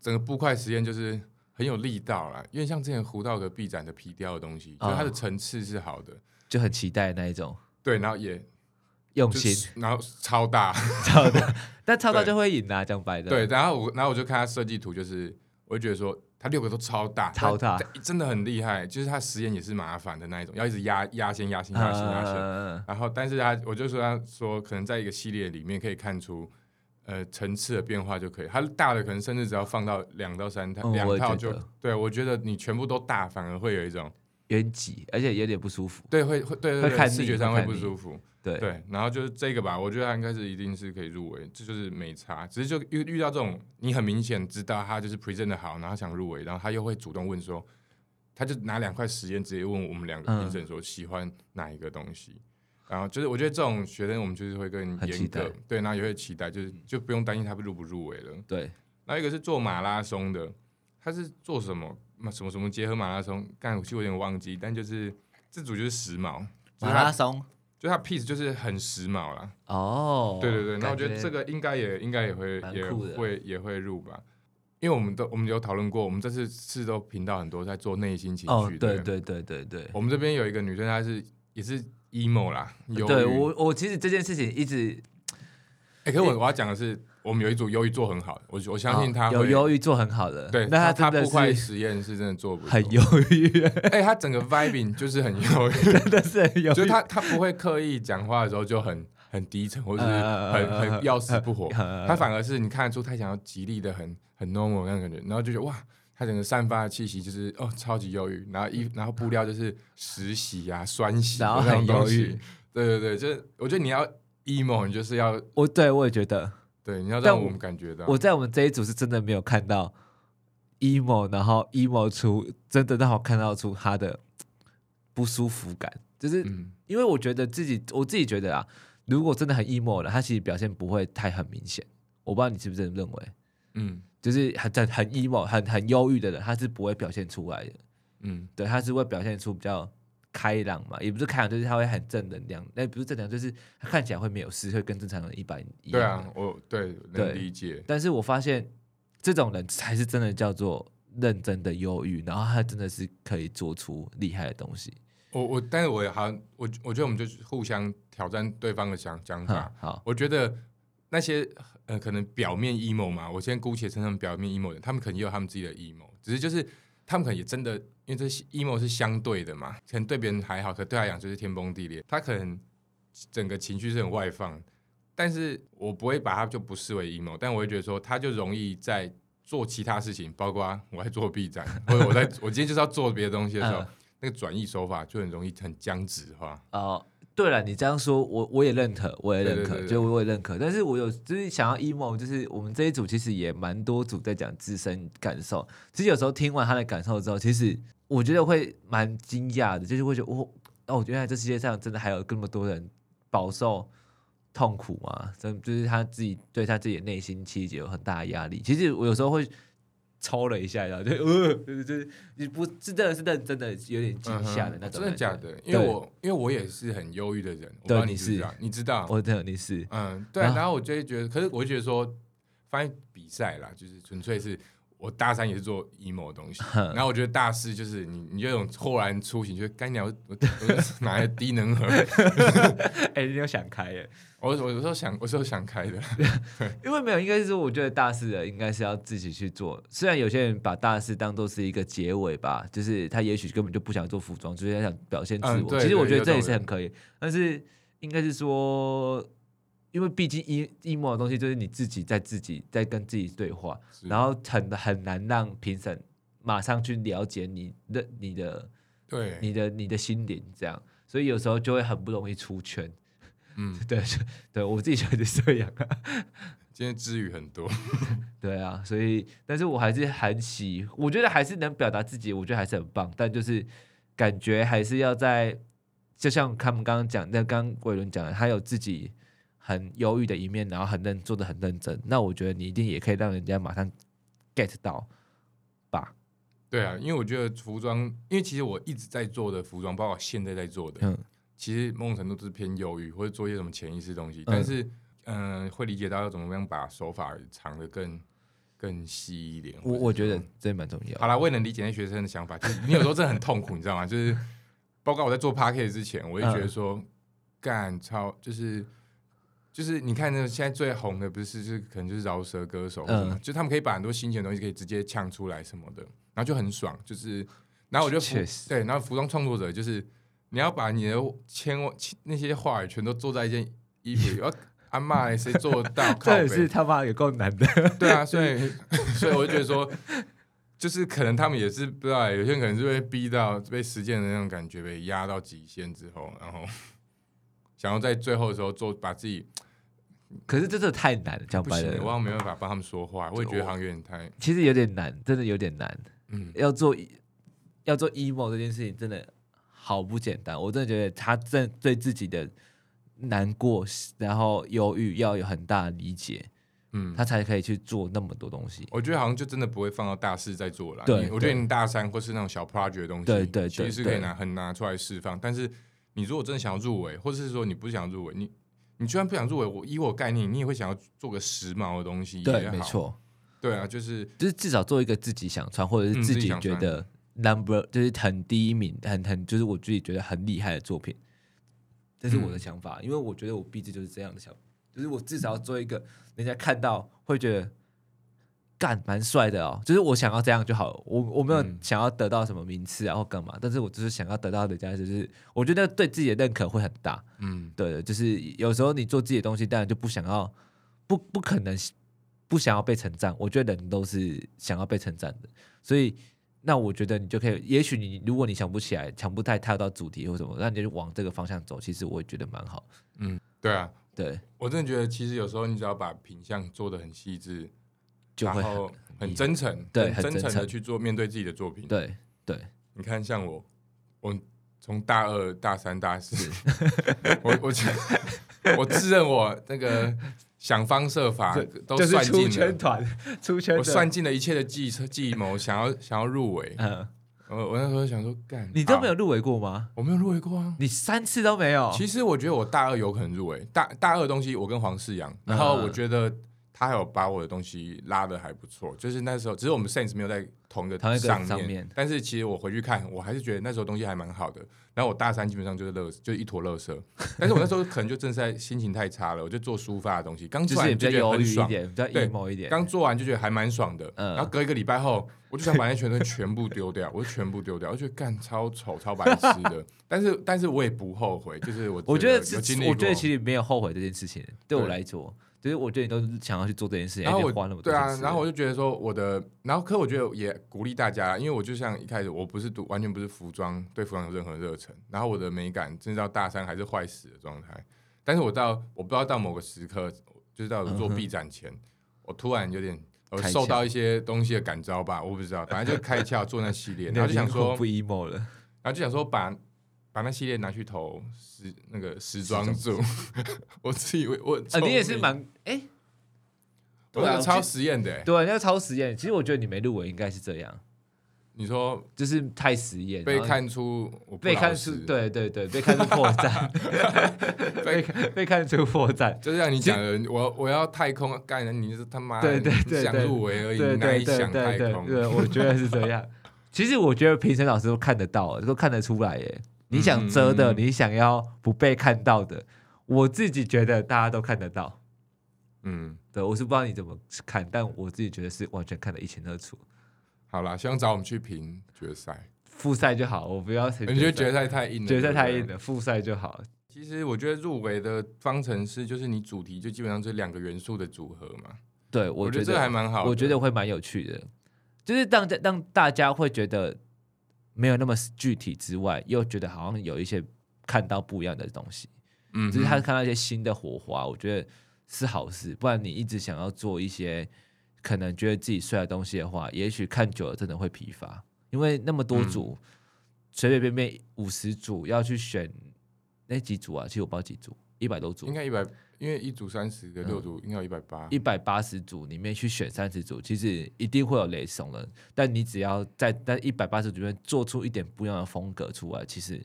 整個布塊實驗就是很有力道啦。因為像之前胡道格畢展的皮雕的東西，哦、就它的層次是好的，就很期待那一種。對，然後也用心，然後超大， 超大，但超大就會贏啊對這樣擺的。對，然後我，然後我就看他設計圖，就是我就覺得說。他六個都超大，超大，真的很厲害。就是他實驗也是麻煩的那一種，要一直壓壓線、壓線、壓線、啊、壓線。然後，但是他，我就說他說，可能在一個系列裡面可以看出，呃，層次的變化就可以。他大的可能甚至只要放到兩到三套、嗯，兩套就，我對我覺得你全部都大，反而會有一種。有點擠，而且有點不舒服。對，會會，對對對，視覺上會不舒服。對對，然後就是這個吧，我覺得他應該是一定是可以入圍，這就是沒差。只是就遇遇到這種，你很明顯知道他就是 present 的好，然後他想入圍，然後他又會主動問說，他就拿兩塊時間直接問我們兩個評審說喜歡哪一個東西？嗯。然後就是我覺得這種學生，我們就是會更嚴格，對，然後也會期待，就是就不用擔心他入不入圍了。對，那一個是做馬拉松的，他是做什麼？那什麼什麼結合馬拉松，剛才我其實有點忘記，但就是這組就是時髦馬拉松，就它 piece 就是很時髦了。哦，對對對，那我覺得這個應該也應該也會、嗯、也會也會入吧，因為我們都我們有討論過，我們這次四周頻道很多在做內心情緒。哦，對，嗎對對對對對，我們這邊有一個女生，她是也是 emo 啦。對我我其實這件事情一直，哎、欸，可是我我要講的是。欸我們有一組憂鬱做很好，我我相信他有憂鬱做很好的，對，但是他不快實驗是真的做不很憂鬱，哎，他整個 vibing 就是很憂鬱，就是他他不會刻意講話的時候就很很低沉，或者是很很要死不活，他反而是你看得出他想要極力的很很 normal 那種感覺，然後就覺得哇，他整個散發的氣息就是哦超級憂鬱，然後一，然後布料就是石洗啊、酸洗，然後很憂鬱，對對對，就是我覺得你要 emo，你就是要我對我也覺得。對，你要讓我們感覺到我。我在我們這一組是真的沒有看到 emo，然後 emo 出真的讓我看到出他的不舒服感，就是因為我覺得自己，我自己覺得啊，如果真的很 emo 了，他其實表現不會太很明顯。我不知道你是不是認為，嗯，就是很在很 emo、很很憂鬱的人，他是不會表現出來的。嗯，對，他是會表現出比較。開朗嘛，也不是開朗，就是他會很正能量，那不是正能量，就是他看起來會沒有事，會跟正常人一般一樣。對啊，我對，對能理解。但是我發現這種人才是真的叫做認真的憂鬱，然後他真的是可以做出厲害的東西。我我，但是我好像，我我覺得我們就是互相挑戰對方的想講法、嗯。好，我覺得那些呃可能表面 EMO 嘛，我先姑且稱成表面 EMO 的人，他們可能也有他們自己的 EMO，只是就是他們可能也真的。因為這 emo 是相對的嘛？可能對別人還好，可對他來講就是天崩地裂。他可能整個情緒是很外放，但是我不會把他就不視為 emo，但我會覺得說，他就容易在做其他事情，包括我在做 B 站，或者 我在我今天就是要做別的東西的時候， 那個轉譯手法就很容易很僵直，哈。哦，對了，你這樣說，我我也認可，我也認可，就我也認可。但是我有就是想要 emo，就是我們這一組其實也蠻多組在講自身感受，其實有時候聽完他的感受之後，其實。我覺得會蠻驚訝的，就是會覺得我哦，原來這世界上真的還有那麼多人飽受痛苦嘛？真就是他自己對他自己的內心其實有很大的壓力。其實我有時候會抽了一下，然後就呃，就是、就是、你不是真的是認真的，有點驚嚇的、嗯、哼那種。真的假的？對因為我因為我也是很憂鬱的人。對，對你，你是你知道，我對你是嗯對。然後我就會覺得，啊、可是我就覺得說，翻比賽啦，就是純粹是。我大三也是做 emo 的東西，哼然後我覺得大四就是你，你這種突然出行，就是干鳥我拿個低能核，哎、 欸，你有想開耶？我我有時候想，有時候想開的，因為沒有，應該是說我覺得大四的應該是要自己去做，雖然有些人把大四當做是一個結尾吧，就是他也許根本就不想做服裝，就是他想表現自我。嗯、對對對，其實我覺得這也是很可以，但是應該是說。因為畢竟 e EMO 的東西，就是你自己在自己在跟自己對話，是然後很很難讓評審馬上去了解你的你的對你的你的心靈這樣，所以有時候就會很不容易出圈。嗯， 對對，我自己覺得這樣。 今天治癒很多， 對啊，所以但是我還是很喜，我覺得還是能表達自己，我覺得還是很棒，但就是感覺還是要在，就像他們剛剛講，那剛，剛偉倫講的，他有自己。很憂鬱的一面，然後很認做的很認真，那我覺得你一定也可以讓人家馬上 get 到吧？對啊，嗯、因為我覺得服裝，因為其實我一直在做的服裝，包括現在在做的，嗯，其實某種程度都是偏憂鬱，或者做一些什麼潛意識東西。但是，嗯、呃，會理解到要怎麼樣把手法藏得更更細一點。我我，我覺得這蠻重要。好啦，我也能理解那學生的想法，就是 你有時候真的很痛苦，你知道嗎？就是包括我在做 parket 之前，我就覺得說，幹、嗯、超就是。就是你看那個現在最紅的不是就是可能就是饒舌歌手，嗯，就他們可以把很多新鮮的東西可以直接嗆出來什麼的，然後就很爽。就是，然後我就對，然後服裝創作者就是你要把你的千萬那些話語全都做在一件衣服裡，要安排誰做得到？也是他爸也夠難的。對啊，所以所以我就覺得說，就是可能他們也是不知道，有些人可能是被逼到被實踐的那種感覺被壓到極限之後，然後。想要在最後的時候做把自己，可是這真的太難了，講白了不行，我沒辦法幫他們說話，嗯、我也覺得好像有點太，其實有點難，真的有點難。嗯，要做，要做要做 emo 這件事情真的好不簡單，我真的覺得他真對自己的難過然後憂鬱要有很大的理解，嗯，他才可以去做那麼多東西。我覺得好像就真的不會放到大四再做了，對，我覺得你大三或是那種小 project 的東西，對，對，對，對其實是可以拿對對對對，很拿出來釋放，但是。你如果真的想要入圍，或者是說你不想入圍，你你居然不想入圍，我以我概念，你也會想要做個時髦的東西，對，沒錯，對啊，就是就是至少做一個自己想穿，或者是自己覺得 number、嗯、就是很第一名，很很就是我自己覺得很厲害的作品，這是我的想法，嗯、因為我覺得我畢製就是這樣的想法，就是我至少要做一個人家看到會覺得。蠻帥的哦，就是我想要這樣就好了，我我沒有想要得到什麼名次啊或幹嘛，嗯、但是我就是想要得到的，價值。就是我覺得對自己的認可會很大。嗯，對，就是有時候你做自己的東西，當然就不想要，不不可能不想要被稱讚。我覺得人都是想要被稱讚的，所以那我覺得你就可以，也許你如果你想不起來，想不太跳到主題或什麼，那你就往這個方向走，其實我也覺得蠻好。嗯，對啊，對我真的覺得，其實有時候你只要把品相做得很細緻。然後很真誠，很真誠的去做面對自己的作品。對，對，你看像我，我從大二、大三、大四，我我我自認我那個想方設法都算盡了，出圈團出圈，我算盡了一切的計策計謀，想要想要入圍。我那時候想說，幹，你都沒有入圍過嗎？我沒有入圍過啊，你三次都沒有。其實我覺得我大二有可能入圍，大大二的東西我跟黃世陽，然後我覺得。他還有把我的東西拉得還不錯，就是那時候，只是我們 sense 沒有在同一個上面。上面，但是其實我回去看，我還是覺得那時候東西還蠻好的。然後我大三基本上就是樂，就一坨樂色。但是我那時候可能就真的在心情太差了，我就做書法的東西，剛做完就覺得很爽一點，比較 emo 一點。剛做完就覺得還蠻爽的，然後隔一個禮拜後，我就想把那全都全部丟掉，我就全部丟掉，我覺得幹超醜、超白痴的。但是，但是我也不後悔，就是我我覺得我覺得其實沒有後悔這件事情，對我來說。其實我覺得你都是想要去做這件事情，然後我花那麼多了，對啊，然後我就覺得說我的，然後可我覺得也鼓勵大家，因為我就像一開始，我不是讀完全不是服裝，對服裝有任何熱忱，然後我的美感甚至到大三還是壞死的狀態，但是我到我不知道到某個時刻，就是到做畢展前，嗯、哼我突然有點我受到一些東西的感召吧，我不知道，反正就開竅，開竅做那系列， 然後就想說不 emo 了，嗯、然後就想說把。把那系列拿去投時那個時裝組，我自以為我，啊，你也是蠻哎，我要超實驗的，對，要超實驗，其實我覺得你沒入圍，應該是這樣。你說就是太實驗，被看出，被看出，對對對，被看出破綻，被被看出破綻，就像你講的，我我要太空蓋，你是他媽想入圍而已，沒想太空，對，我覺得是這樣。其實我覺得評審老師都看得到，都看得出來，耶。你想遮的，嗯、你想要不被看到的，嗯、我自己覺得大家都看得到。嗯，對，我是不知道你怎麼看，但我自己覺得是完全看得一清二楚。好啦，希望找我們去評決賽、複賽就好。我不要，你覺得決賽太硬了，決賽太硬了，啊、複賽就好。其實我覺得入圍的方程式就是你主題，就基本上這兩個元素的組合嘛。對，我覺，我覺得這還蠻好，我覺得會蠻有趣的，就是讓讓大家會覺得。沒有那麼具體之外，又覺得好像有一些看到不一樣的東西，嗯哼，就是他看到一些新的火花，我覺得是好事。不然你一直想要做一些可能覺得自己帥的東西的話，也許看久了真的會疲乏。因為那麼多組，隨、嗯、隨便便五十組，要去選那幾組啊，其實我不知道幾組，一百多組，應該一百。因為一組三十的、嗯、六組，應該有一百八，一百八十組裡面去選三十組，其實一定會有雷同的。但你只要在在一百八十組裡面做出一點不一樣的風格出來，其實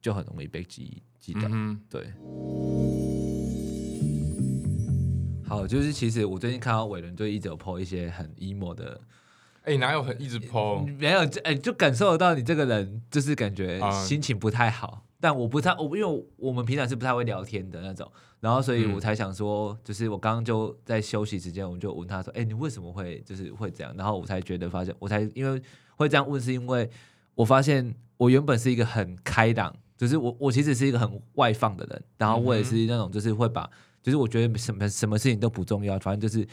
就很容易被記記得。嗯、哼對。嗯、好，就是其實我最近看到偉倫就一直有 po 一些很 emo 的，哎、欸，嗯、哪有很一直 po？沒有，哎、欸，就感受得到你這個人就是感覺心情不太好。嗯但我不太，我因為我們平常是不太會聊天的那種，然後所以我才想說，嗯、就是我剛剛就在休息時間，我就問他說：“哎、欸，你為什麼會就是會這樣？”然後我才覺得發現，我才因為會這樣問，是因為我發現我原本是一個很開朗，就是我我其實是一個很外放的人，然後我也是那種就是會把，就是我覺得什麼什麼事情都不重要，反正就是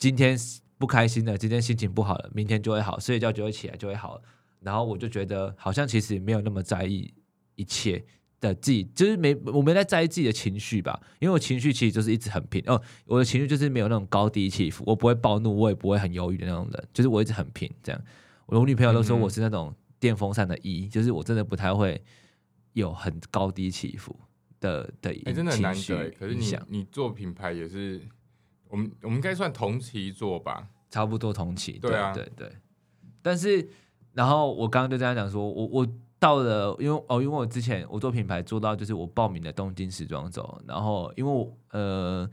今天不開心了，今天心情不好了，明天就會好，睡一覺就會起來就會好。然後我就覺得好像其實也沒有那麼在意。一切的自己就是沒我沒太在，在意自己的情緒吧，因為我情緒其實就是一直很平哦，我的情緒就是沒有那種高低起伏，我不會暴怒，我也不會很憂鬱的那種人，就是我一直很平這樣。我女朋友都說我是那種電風扇的一、e,，嗯嗯、就是我真的不太會有很高低起伏的的一情緒影響、欸、真的很難得，可是你想你做品牌也是，我們我們應該算同期做吧，差不多同期。對啊，對對。對啊，但是然後我剛剛就這樣講說，我我。到了，因為哦，因為我之前我做品牌做到就是我報名的東京時裝周，然後因為我呃，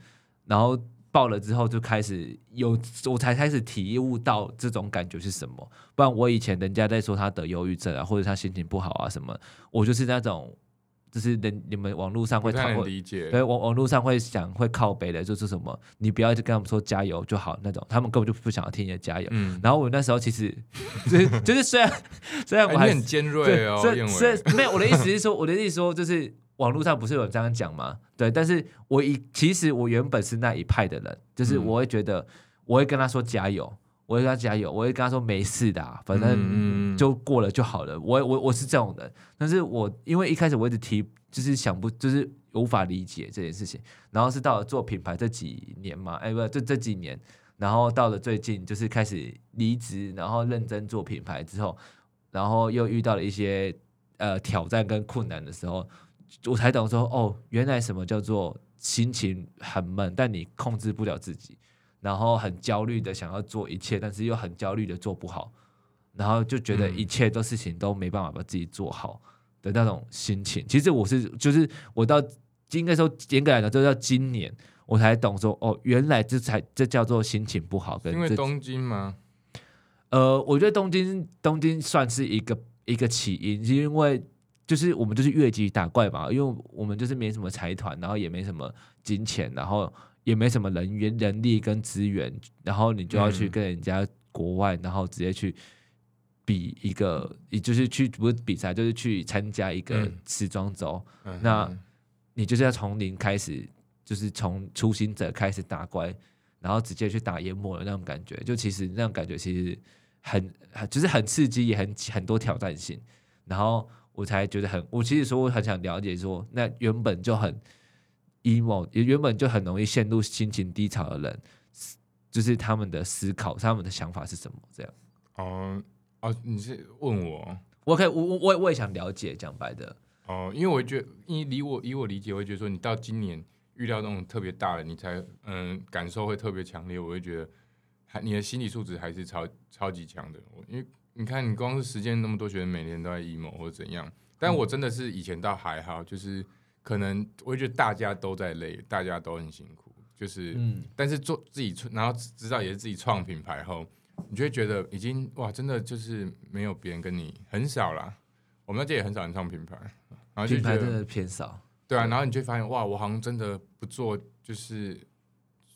然後報了之後就開始有，我才開始體悟到這種感覺是什麼。不然我以前人家在說他得憂鬱症啊，或者他心情不好啊什麼，我就是那種。就是人，你你們網絡上會太過，太理解對網網絡上會想會靠北的，就是什麼，你不要一直跟他們說加油就好那種，他們根本就不想要聽你的加油。嗯、然後我那時候其實、就是 就是，就是雖然雖然我還是、哎、很尖銳哦，所以沒有我的意思是說， 我的意思是說就是網絡上不是有人這樣講嗎？對，但是我一其實我原本是那一派的人，就是我會覺得我會跟他說加油。嗯我會跟他加油，我會跟他說沒事的，啊，反正就過了就好了。嗯、我我我是這種人，但是我因為一開始我一直提，就是想不，就是無法理解這件事情。然後是到了做品牌這幾年嘛，哎不，就這幾年，然後到了最近就是開始離職，然後認真做品牌之後，然後又遇到了一些呃挑戰跟困難的時候，我才懂說哦，原來什麼叫做心情很悶，但你控制不了自己。然後很焦慮的想要做一切，但是又很焦慮的做不好，然後就覺得一切的事情都沒辦法把自己做好的那種心情。嗯、其實我是就是我到應該說嚴格來講，就到今年我才懂說哦，原來這才這叫做心情不好。跟因為東京嗎？呃，我覺得東京東京算是一個一個起因，因為就是我們就是越級打怪嘛，因為我們就是沒什麼財團，然後也沒什麼金錢，然後。也沒什麼人員、人力跟資源，然後你就要去跟人家國外，嗯、然後直接去比一個，就是去不是比賽，就是去參加一個時裝周。嗯、那、嗯、你就是要從零開始，就是從初心者開始打怪，然後直接去打研磨的那種感覺。就其實那種感覺其實很，就是很刺激，也很很多挑戰性。然後我才覺得很，我其實說我很想了解說，那原本就很。emo 也原本就很容易陷入心情低潮的人，思就是他們的思考，他們的想法是什麼？這樣。哦哦、呃啊，你是問我，我可以，我我也我也想了解。講白的哦、呃，因為我覺得，因為以我，以我理解，我會覺得說，你到今年遇到那種特別大的，你才嗯感受會特別強烈。我會覺得，還你的心理素質還是超超級強的。我因為你看，你光是時間那麼多，學生每年都在 emo 或者怎樣。但我真的是以前倒還好，嗯、就是。可能我也覺得大家都在累，大家都很辛苦，就是，嗯，但是做自己然後知道也是自己創品牌後，你就會覺得已經哇，真的就是沒有別人跟你很少啦。我們那屆也很少人創品牌，然後就覺得偏少。對啊，然後你就會發現哇，我好像真的不做，就是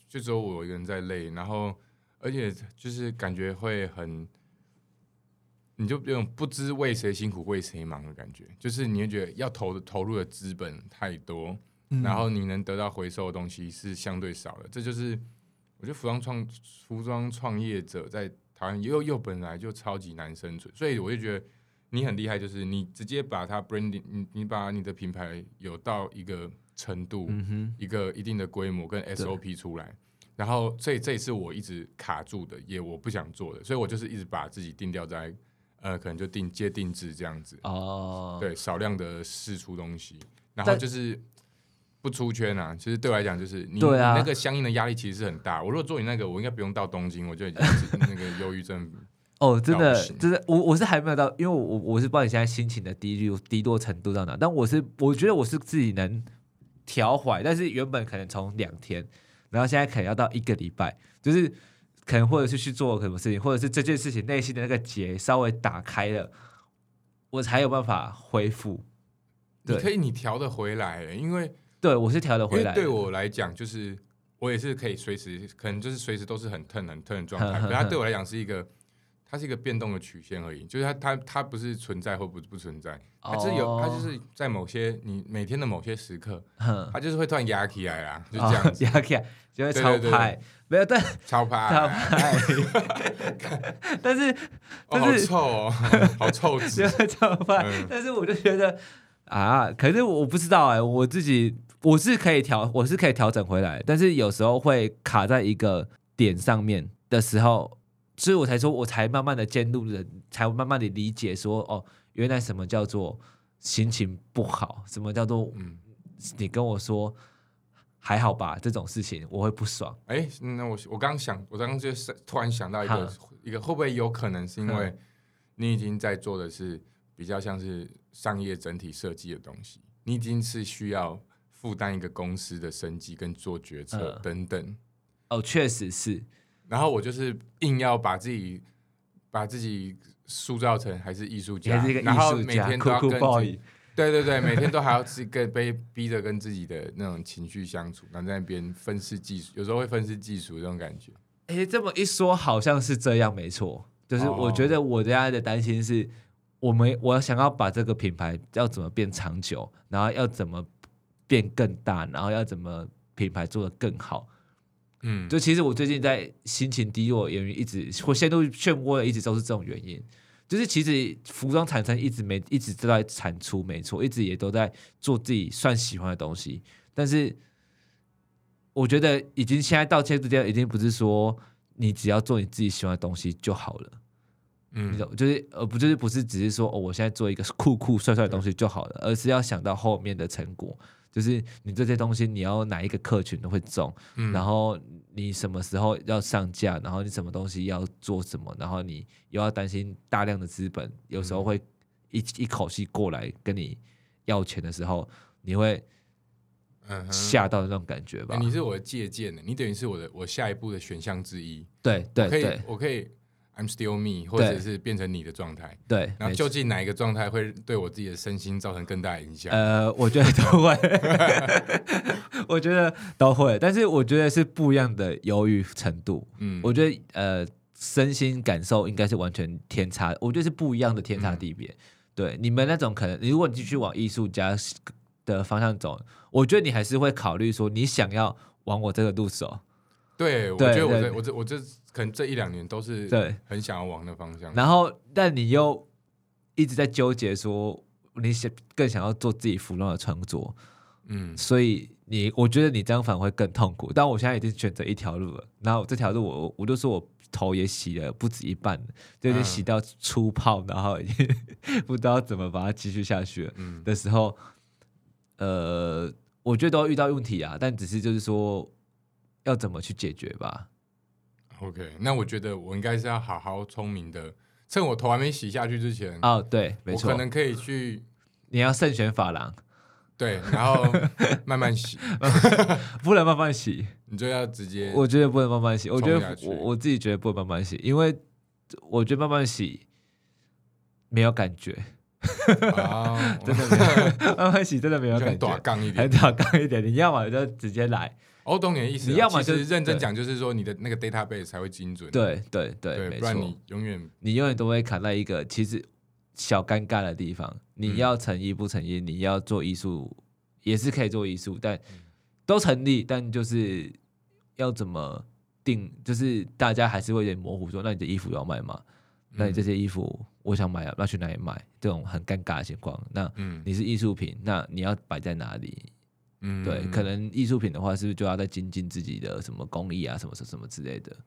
就只有我一個人在累，然後而且就是感覺會很。你就有種不知為誰辛苦為誰忙的感覺，就是你會覺得要投投入的資本太多，嗯、然後你能得到回收的東西是相對少的。這就是我覺得服裝創服裝創業者在台灣又又本來就超級難生存，所以我就覺得你很厲害，就是你直接把它 branding，你你把你的品牌有到一個程度，嗯、哼一個一定的規模跟 SOP 出來，對然後這這也是我一直卡住的，也我不想做的，所以我就是一直把自己定調在呃，可能就定接定製這樣子哦，對，少量的試出東西，然後就是不出圈啊。但其實對我來講，就是你對、啊、你那個相應的壓力其實是很大。我如果做你那個，我應該不用到東京，我就已經是那個憂鬱症。 哦，真的， 就是我我是還沒有到，因為我我是不知道你現在心情的低低多程度到哪。但我是我覺得我是自己能調緩，但是原本可能從兩天，然後現在可能要到一個禮拜，就是。可能或者是去做了什麼事情，或者是這件事情內心的那個結稍微打開了，我才有辦法恢復。對，你可以，你調得回來，因為，回來因為對我是調得回來。對我來講，就是我也是可以隨時，可能就是隨時都是很疼、很疼的狀態。對，它對我來講是一個。它是一個變動的曲線而已，就是它它它不是存在或不不存在，它就是有、oh. 它就是在某些你每天的某些時刻，嗯、它就是會突然壓起來啊，就這樣子壓、oh, 起來就會超拍，哦、沒有但超拍超拍，但是但是好臭哦好臭，超拍，嗯、但是我就覺得啊，可是我不知道哎、欸，我自己我是可以調，我是可以調整回來，但是有時候會卡在一個點上面的時候。所以我才說，我才慢慢的監督人，才慢慢的理解說，哦，原來什麼叫做心情不好，什麼叫做，嗯、你跟我說還好吧，這種事情我會不爽。哎、欸，那我我剛想，我剛剛就是突然想到一個哈一個，會不會有可能是因為你已經在做的是比較像是商業整體設計的東西，你已經是需要負擔一個公司的生計跟做決策等等。呃、哦，確實是。然後我就是硬要把自己把自己塑造成還是藝術家，還是藝術家，然後每天酷哭哭暴力，對對對，每天都還要自己跟 被逼着跟自己的那種情緒相處，然後在那邊分析技術，有時候會分析技術這種感覺。哎，這麼一說，好像是這樣，沒錯。就是我覺得我現在的擔心是，我沒，我想要把這個品牌要怎麼變長久，然後要怎麼變更大，然後要怎麼品牌做得更好。嗯，就其實我最近在心情低落，原因，一直會陷入漩渦一直都是這種原因。就是其實服裝產生一直沒一直在產出，沒錯，一直也都在做自己算喜歡的東西。但是我覺得已經現在到現階段已經不是說你只要做你自己喜歡的東西就好了。嗯，就是呃不就是不是只是說哦，我現在做一個酷酷帥帥的東西就好了，嗯、而是要想到後面的成果。就是你這些東西，你要哪一個客群，都會中，嗯、然後你什麼時候要上架，然後你什麼東西要做什麼，然後你又要擔心大量的資本，有時候會一、嗯、一口氣過來跟你要錢的時候，你會嚇到那種感覺吧？嗯欸、你是我的借鑑、欸，你等於是我的我下一步的選項之一。對對，對。我可以。對 I'm still me，對或者是變成你的狀態，對。那究竟哪一個狀態會對我自己的身心造成更大影響？呃，我覺得都會， 我覺得都會。但是我覺得是不一樣的憂鬱程度。嗯，我覺得呃，身心感受應該是完全天差。我覺得是不一樣的天差地別。嗯、對，你們那種可能，如果你繼續往藝術家的方向走，我覺得你還是會考慮說，你想要往我這個路走。對，我覺得我這我這我這可能這一兩年都是對，很想要往那方向。然後，但你又一直在糾結，說你想更想要做自己服裝的創作，嗯，所以你我覺得你這樣反而會更痛苦。但我現在已經選擇一條路了，然後這條路我我就說我頭也洗了不止一半，就已經洗到出泡，然後不知道怎麼把它繼續下去了的時候，呃，我覺得都要遇到問題啊，但只是就是說，要怎麼去解決吧？OK，那我覺得我應該是要好好聰明的，趁我頭還沒洗下去之前哦，oh, 對，沒錯，我可能可以去。你要慎選髮廊，對，然後慢慢洗， 不能慢慢洗， 你就要直接。我覺得不能慢慢洗，我覺得我我自己覺得不能慢慢洗，因為我覺得慢慢洗沒有感覺啊， oh, 真的沒有 慢慢洗真的沒有感覺，很短槓一點，很短槓一點，你要嘛就直接來。我懂你的意思，你要麼就是認真講，就是說你的那個 database 才會精準。對對對，不然你永遠你永遠都會卡在一個其實小尷尬的地方。你要成衣不成衣、嗯，你要做藝術也是可以做藝術，但都成立，但就是要怎麼定，就是大家還是會有點模糊說，那你的衣服要賣嗎？那你這些衣服我想買啊，那去哪裡買？這種很尷尬的情況。那你是藝術品，那你要擺在哪裡？嗯，對，可能藝術品的話，是不是就要再精進自己的什麼工藝啊，什麼什麼之類的，好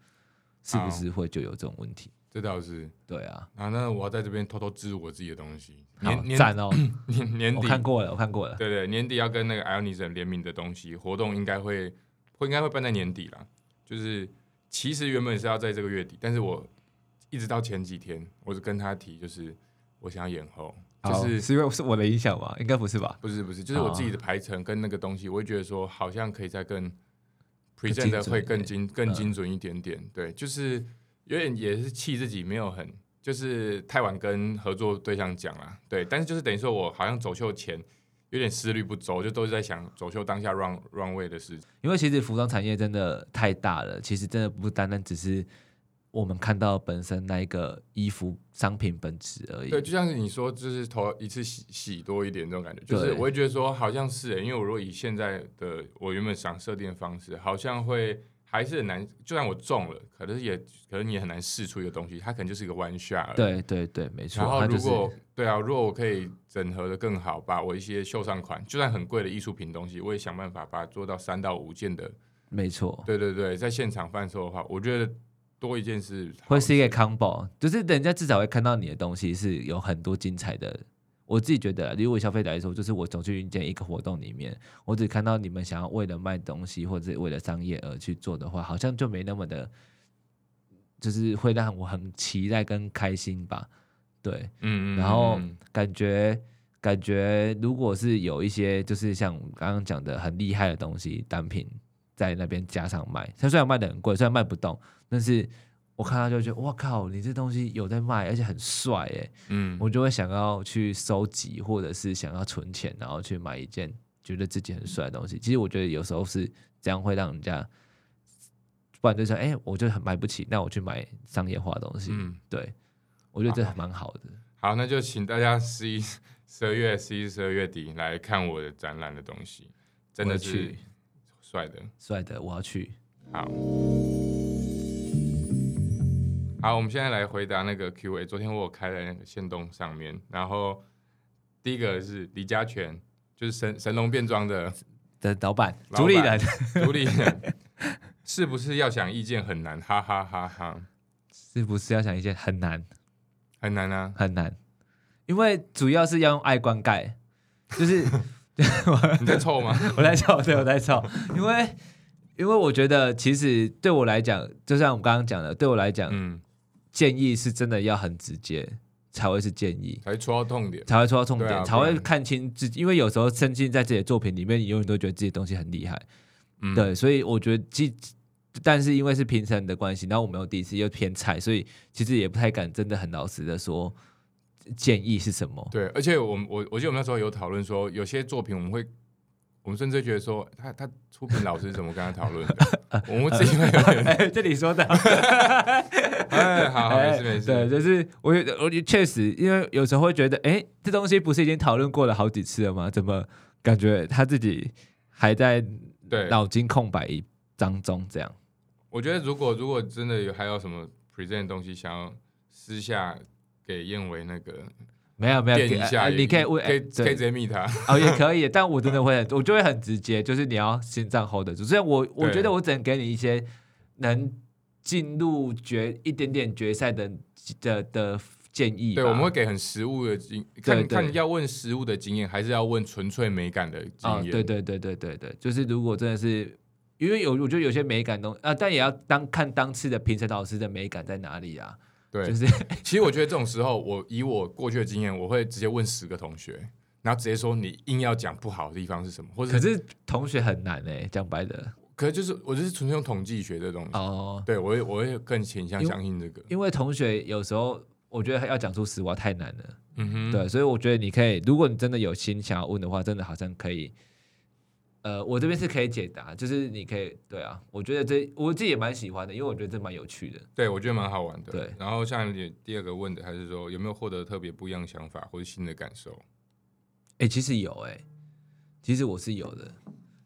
是不是會就有這種問題？這倒是，對啊。啊，那我要在這邊偷偷置入我自己的東西，好讚年哦！年年底，我看過了，我看過了。對，對對，年底要跟那個 Irensense 聯名的東西，活動應該會，應該會會應該會辦在年底了。就是其實原本是要在這個月底，但是我一直到前幾天，我是跟他提，就是。我想要延後，好就是是因為是我的影響嗎？應該不是吧？不是不是，就是我自己的排程跟那個東西，哦、我就覺得說好像可以再更，p r e 呈現的會更精，嗯、更精準一點點。對，就是有點也是氣自己沒有很，就是太晚跟合作對象講了。對，但是就是等於說我好像走秀前有點思慮不周，就都是在想走秀當下 run run way 的事情。因為其實服裝產業真的太大了，其實真的不單單只是。我們看到本身那一個衣服商品本質而已。對，就像是你說，就是頭一次洗洗多一點這種感覺。就是，我會覺得說好像是、欸，因為我如果以現在的我原本想設定的方式，好像會還是很難。就算我中了，可能也可能也很難試出一個東西，它可能就是一個玩笑。對對對，沒錯。然後如果、就是、對啊，如果我可以整合得更好，把我一些秀上款，就算很貴的藝術品東西，我也想辦法把它做到三到五件的。沒錯。對對對，在現場販售的話，我覺得。多一件事會是一個 combo，就是人家至少會看到你的東西是有很多精彩的。我自己覺得，如果消費者來說，就是我走進一個活動裡面，我只看到你們想要為了賣東西或者是為了商業而去做的話，好像就沒那麼的，就是會讓我很期待跟開心吧。對，嗯，然後感覺、嗯、感覺如果是有一些就是像剛剛講的很厲害的東西單品。在那邊加上賣，它雖然賣的很貴，雖然賣不動，但是我看到就覺得，哇靠，你這東西有在賣，而且很帥耶。嗯，我就會想要去收集，或者是想要存錢，然後去買一件覺得自己很帥的東西。嗯、其實我覺得有時候是這樣會讓人家，不然就說，哎、欸，我就很買不起，那我去買商業化的東西，嗯，對我覺得這蠻好的好。好，那就請大家十一、十二月、十一、十二月底來看我的展覽的東西，真的去。帥的，帥的，我要去。好，好，我們現在來回答那個 QA。昨天我有開在那個限動上面，然後第一個是李家全，就是神神龍變裝的的老闆，主理人，主理人 是不是要想意見很難？哈哈哈哈，是不是要想意見很難？很難啊，很難，因為主要是要用愛灌溉，就是。 你在臭嗎？我在臭，對，我在臭。因為，因為我覺得，其實對我來講，就像我們剛剛講的，對我來講，嗯、建議是真的要很直接，才會是建議，才會戳到痛點，才會戳到痛點，啊啊、才會看清自己。因為有時候，沉浸在自己的作品裡面，你永遠都覺得自己的東西很厲害，嗯、對。所以，我覺得，既但是因為是評審的關係，然後我們又第一次又偏菜，所以其實也不太敢，真的很老實的說。建議是什麼？對，而且我們我我記得我們那時候有討論說，有些作品我們會，我們甚至覺得說，他他出品老師是怎麼跟他討論的？我們自己沒有，這裡說的。哎、 欸，好，好欸、沒事沒事。對，就是我有，我確實因為有時候會覺得，哎、欸，這東西不是已經討論過了好幾次了嗎？怎麼感覺他自己還在腦筋空白一張中？這樣，我覺得如果如果真的有還有什麼 present 東西想要私下。給彥維那個可以可以追追沒有沒有、啊啊，你可以問直接密他也可以，但我真的會很 我就會很直接，就是你要心臟 hold 得住，所以，我我覺得我只能給你一些能進入決一點點決賽的的的建議。對，我們會給很實物的經，看看要問實物的經驗，還是要問純粹美感的經驗？哦、對,對對對對對對，就是如果真的是因為有，我覺得有些美感東啊，但也要當看當次的評審老師的美感在哪裡啊。對，就是其實我覺得這種時候，我以我過去的經驗，我會直接問十個同學，然後直接說你硬要講不好的地方是什麼，或者可是同學很難誒、欸，講白的，可是就是我就是純粹用統計學的東西哦，對，我會我也更傾向相信這個，因，因為同學有時候我覺得要講出實話太難了，嗯哼，對，所以我覺得你可以，如果你真的有心想要問的話，真的好像可以。呃，我這邊是可以解答，就是你可以對啊，我覺得這我自己也蠻喜歡的，因為我覺得這蠻有趣的。對，我覺得蠻好玩的。對，對，然後像你第二個問的，還是說有沒有獲得特別不一樣的想法或者新的感受？哎、欸，其實有哎、欸，其實我是有的，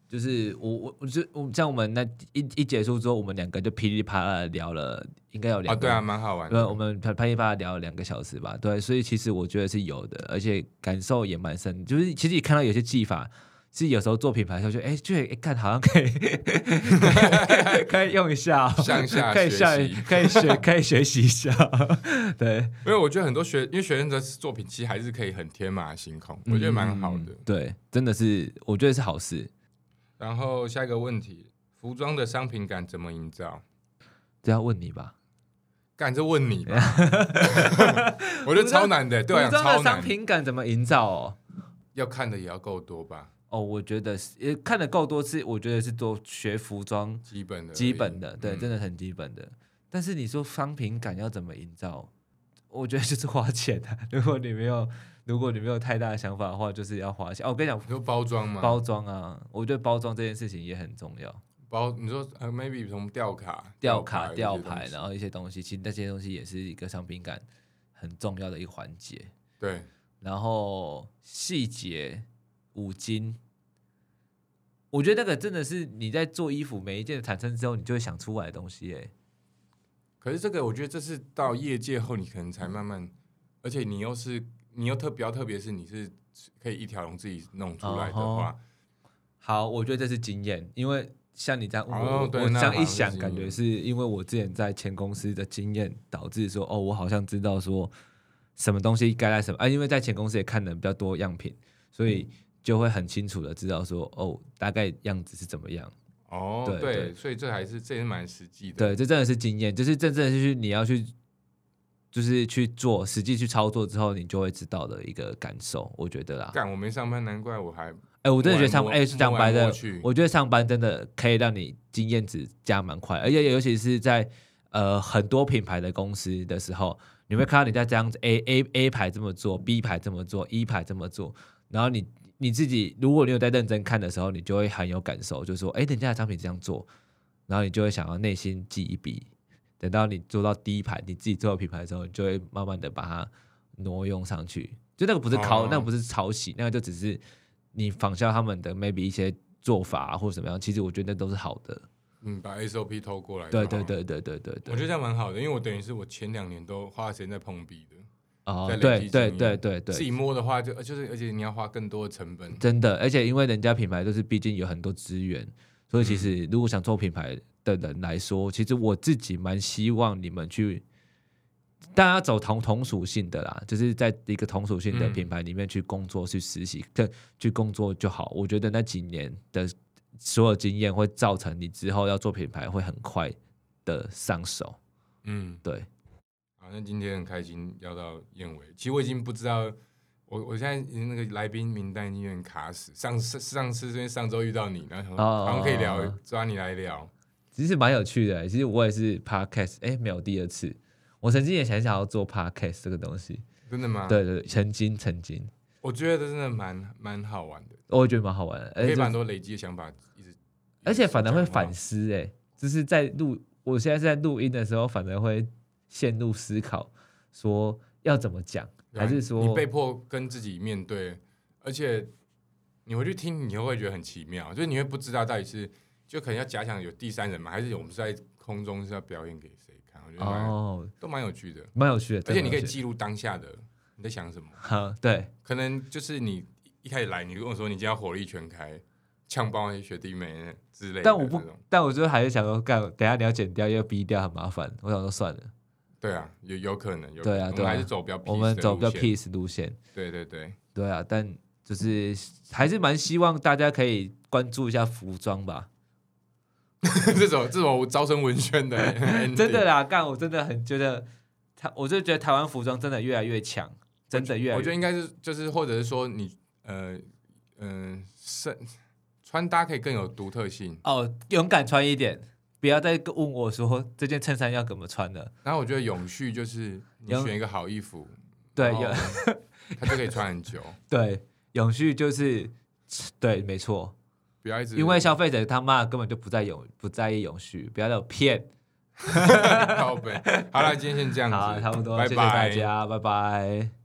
就是我我我就我像我們那一一結束之後，我們兩個就噼里啪啦聊了，應該有兩、啊、對啊，蠻好玩的。的對，我們噼里啪啦聊了兩個小時吧，對，所以其實我覺得是有的，而且感受也蠻深，就是其實你看到有些技法。其實有時候做品牌的時候就、欸，就，哎、欸，這一看好像可以，呵呵可以，可以用一下、喔，向下可以學，可以學，可以學習一下、喔，對。因為我覺得很多學，因為學生的作品其實還是可以很天馬行空，嗯、我覺得蠻好的。對，真的是，我覺得是好事。然後下一個問題，服裝的商品感怎麼營造，這要問你吧，感覺問你吧。 我覺得超難的，服裝對啊，服裝的商品感怎麼營造、喔？要看的也要夠多吧。哦，我覺得也看了夠多次，我覺得是做學服裝基本的、基本的，對，嗯、真的很基本的。但是你說商品感要怎麼營造？我覺得就是花錢啊。如果你沒有， 如果你沒有太大的想法的話，就是要花錢。哦、我跟你講，你說包裝嘛，包裝啊，我覺得包裝這件事情也很重要。包，你說 maybe 從吊卡、吊卡、吊牌，然後一些東西，其實那些東西也是一個商品感很重要的一個環節。對，然後細節五金。我覺得那個真的是你在做衣服每一件的產生之後，你就會想出來的東西耶。可是這個，我覺得這是到業界後你可能才慢慢，而且你又是你又特比較特別是你是可以一條龍自己弄出來的話。Oh, oh. 好，我覺得這是經驗，因為像你這樣、oh, 我對我這樣一想，感覺是因為我之前在前公司的經驗導致說，哦，我好像知道說什麼東西該來什麼，啊，因為在前公司也看的比較多樣品，所以。嗯就會很清楚的知道說哦，大概樣子是怎麼樣哦，對，對，所以這還是這也是蠻實際的，對，這真的是經驗，就是這真正的是你要去，就是去做實際去操作之後，你就會知道的一個感受，我覺得啊，幹，我沒上班，難怪我還哎、欸，我真的覺得上班我哎，講白的，摸摸我覺得上班真的可以讓你經驗值加蠻快，而且尤其是在呃很多品牌的公司的時候，你會看到你在這樣子、嗯、A A A 牌這麼做，B 牌這麼做，E 牌這麼做，然後你。你自己，如果你有在認真看的時候，你就會很有感受，就是說，哎、欸，人家的商品這樣做，然後你就會想要內心記一筆。等到你做到第一排，你自己做到品牌的時候，你就會慢慢的把它挪用上去。就那個不是靠、啊、那個不是抄襲，那個就只是你仿效他們的 maybe 一些做法或者怎麼樣。其實我覺得那都是好的。嗯，把 SOP 偷過來。對，對對對對對對對。我覺得這樣蠻好的，因為我等於是我前兩年都花時間在碰壁的。哦，oh, 對對對對對，自己摸的話就就是，而且你要花更多的成本。真的，而且因為人家品牌都是畢竟有很多資源，所以其實如果想做品牌的人來說，嗯、其實我自己蠻希望你們去，大家走同同屬性的啦，就是在一個同屬性的品牌裡面去工作，嗯、去實習，去去工作就好。我覺得那幾年的所有經驗會造成你之後要做品牌會很快的上手。嗯，對。反正今天很開心，要到彥維。其實我已經不知道，我我現在那個來賓名單已經有點卡死。上次上次因為上周遇到你，然後好像可以聊，oh, oh, oh, oh. 抓你來聊，其實蠻有趣的、欸。其實我也是 podcast，哎、欸，沒有第二次。我曾經也想想要做 podcast 這個東西，真的嗎？對，對對，曾經曾經，我覺得真的蠻蠻好玩的，我也覺得蠻好玩的，而且可以蠻多累積的想法，一直，而且反而會反思、欸，哎、嗯，就是在錄，我現在是在錄音的時候，反而會。陷入思考，說要怎麼講，還是說、啊、你被迫跟自己面對，而且你回去聽，你又會覺得很奇妙，就是你會不知道到底是，就可能要假想有第三人嘛，還是我們是在空中是要表演給誰看？我覺得、哦、都蠻有趣的，蠻有趣的，而且你可以記錄當下的你在想什麼。嗯啊、對，可能就是你一開始來，你如果說你今天火力全開，嗆爆那些學弟妹之類的，但我不，種但我就還是想說，幹，等下你要剪掉，要逼掉很麻煩，我想說算了。對啊，有有可能有。對啊，我們還是走比較 peace 路線。對對對。對啊，但就是還是蠻希望大家可以關注一下服裝吧。這種這種招生文宣的， 真的啦，幹我真的很覺得，我就覺得台灣服裝真的越來越強，真的越來越，我，我覺得應該是就是或者是說你呃嗯，是、呃、穿搭可以更有獨特性。哦，勇敢穿一點。不要再問我說這件襯衫要怎麼穿的。然後我覺得永續就是你選一個好衣服，嗯、對，有，它就可以穿很久。 對，永續就是對，沒錯。不要一直，因為消費者他媽根本就不在永不在意永續，不要再有騙。好唄，好啦，今天先這樣子，好差不多，拜拜謝謝大家，拜拜。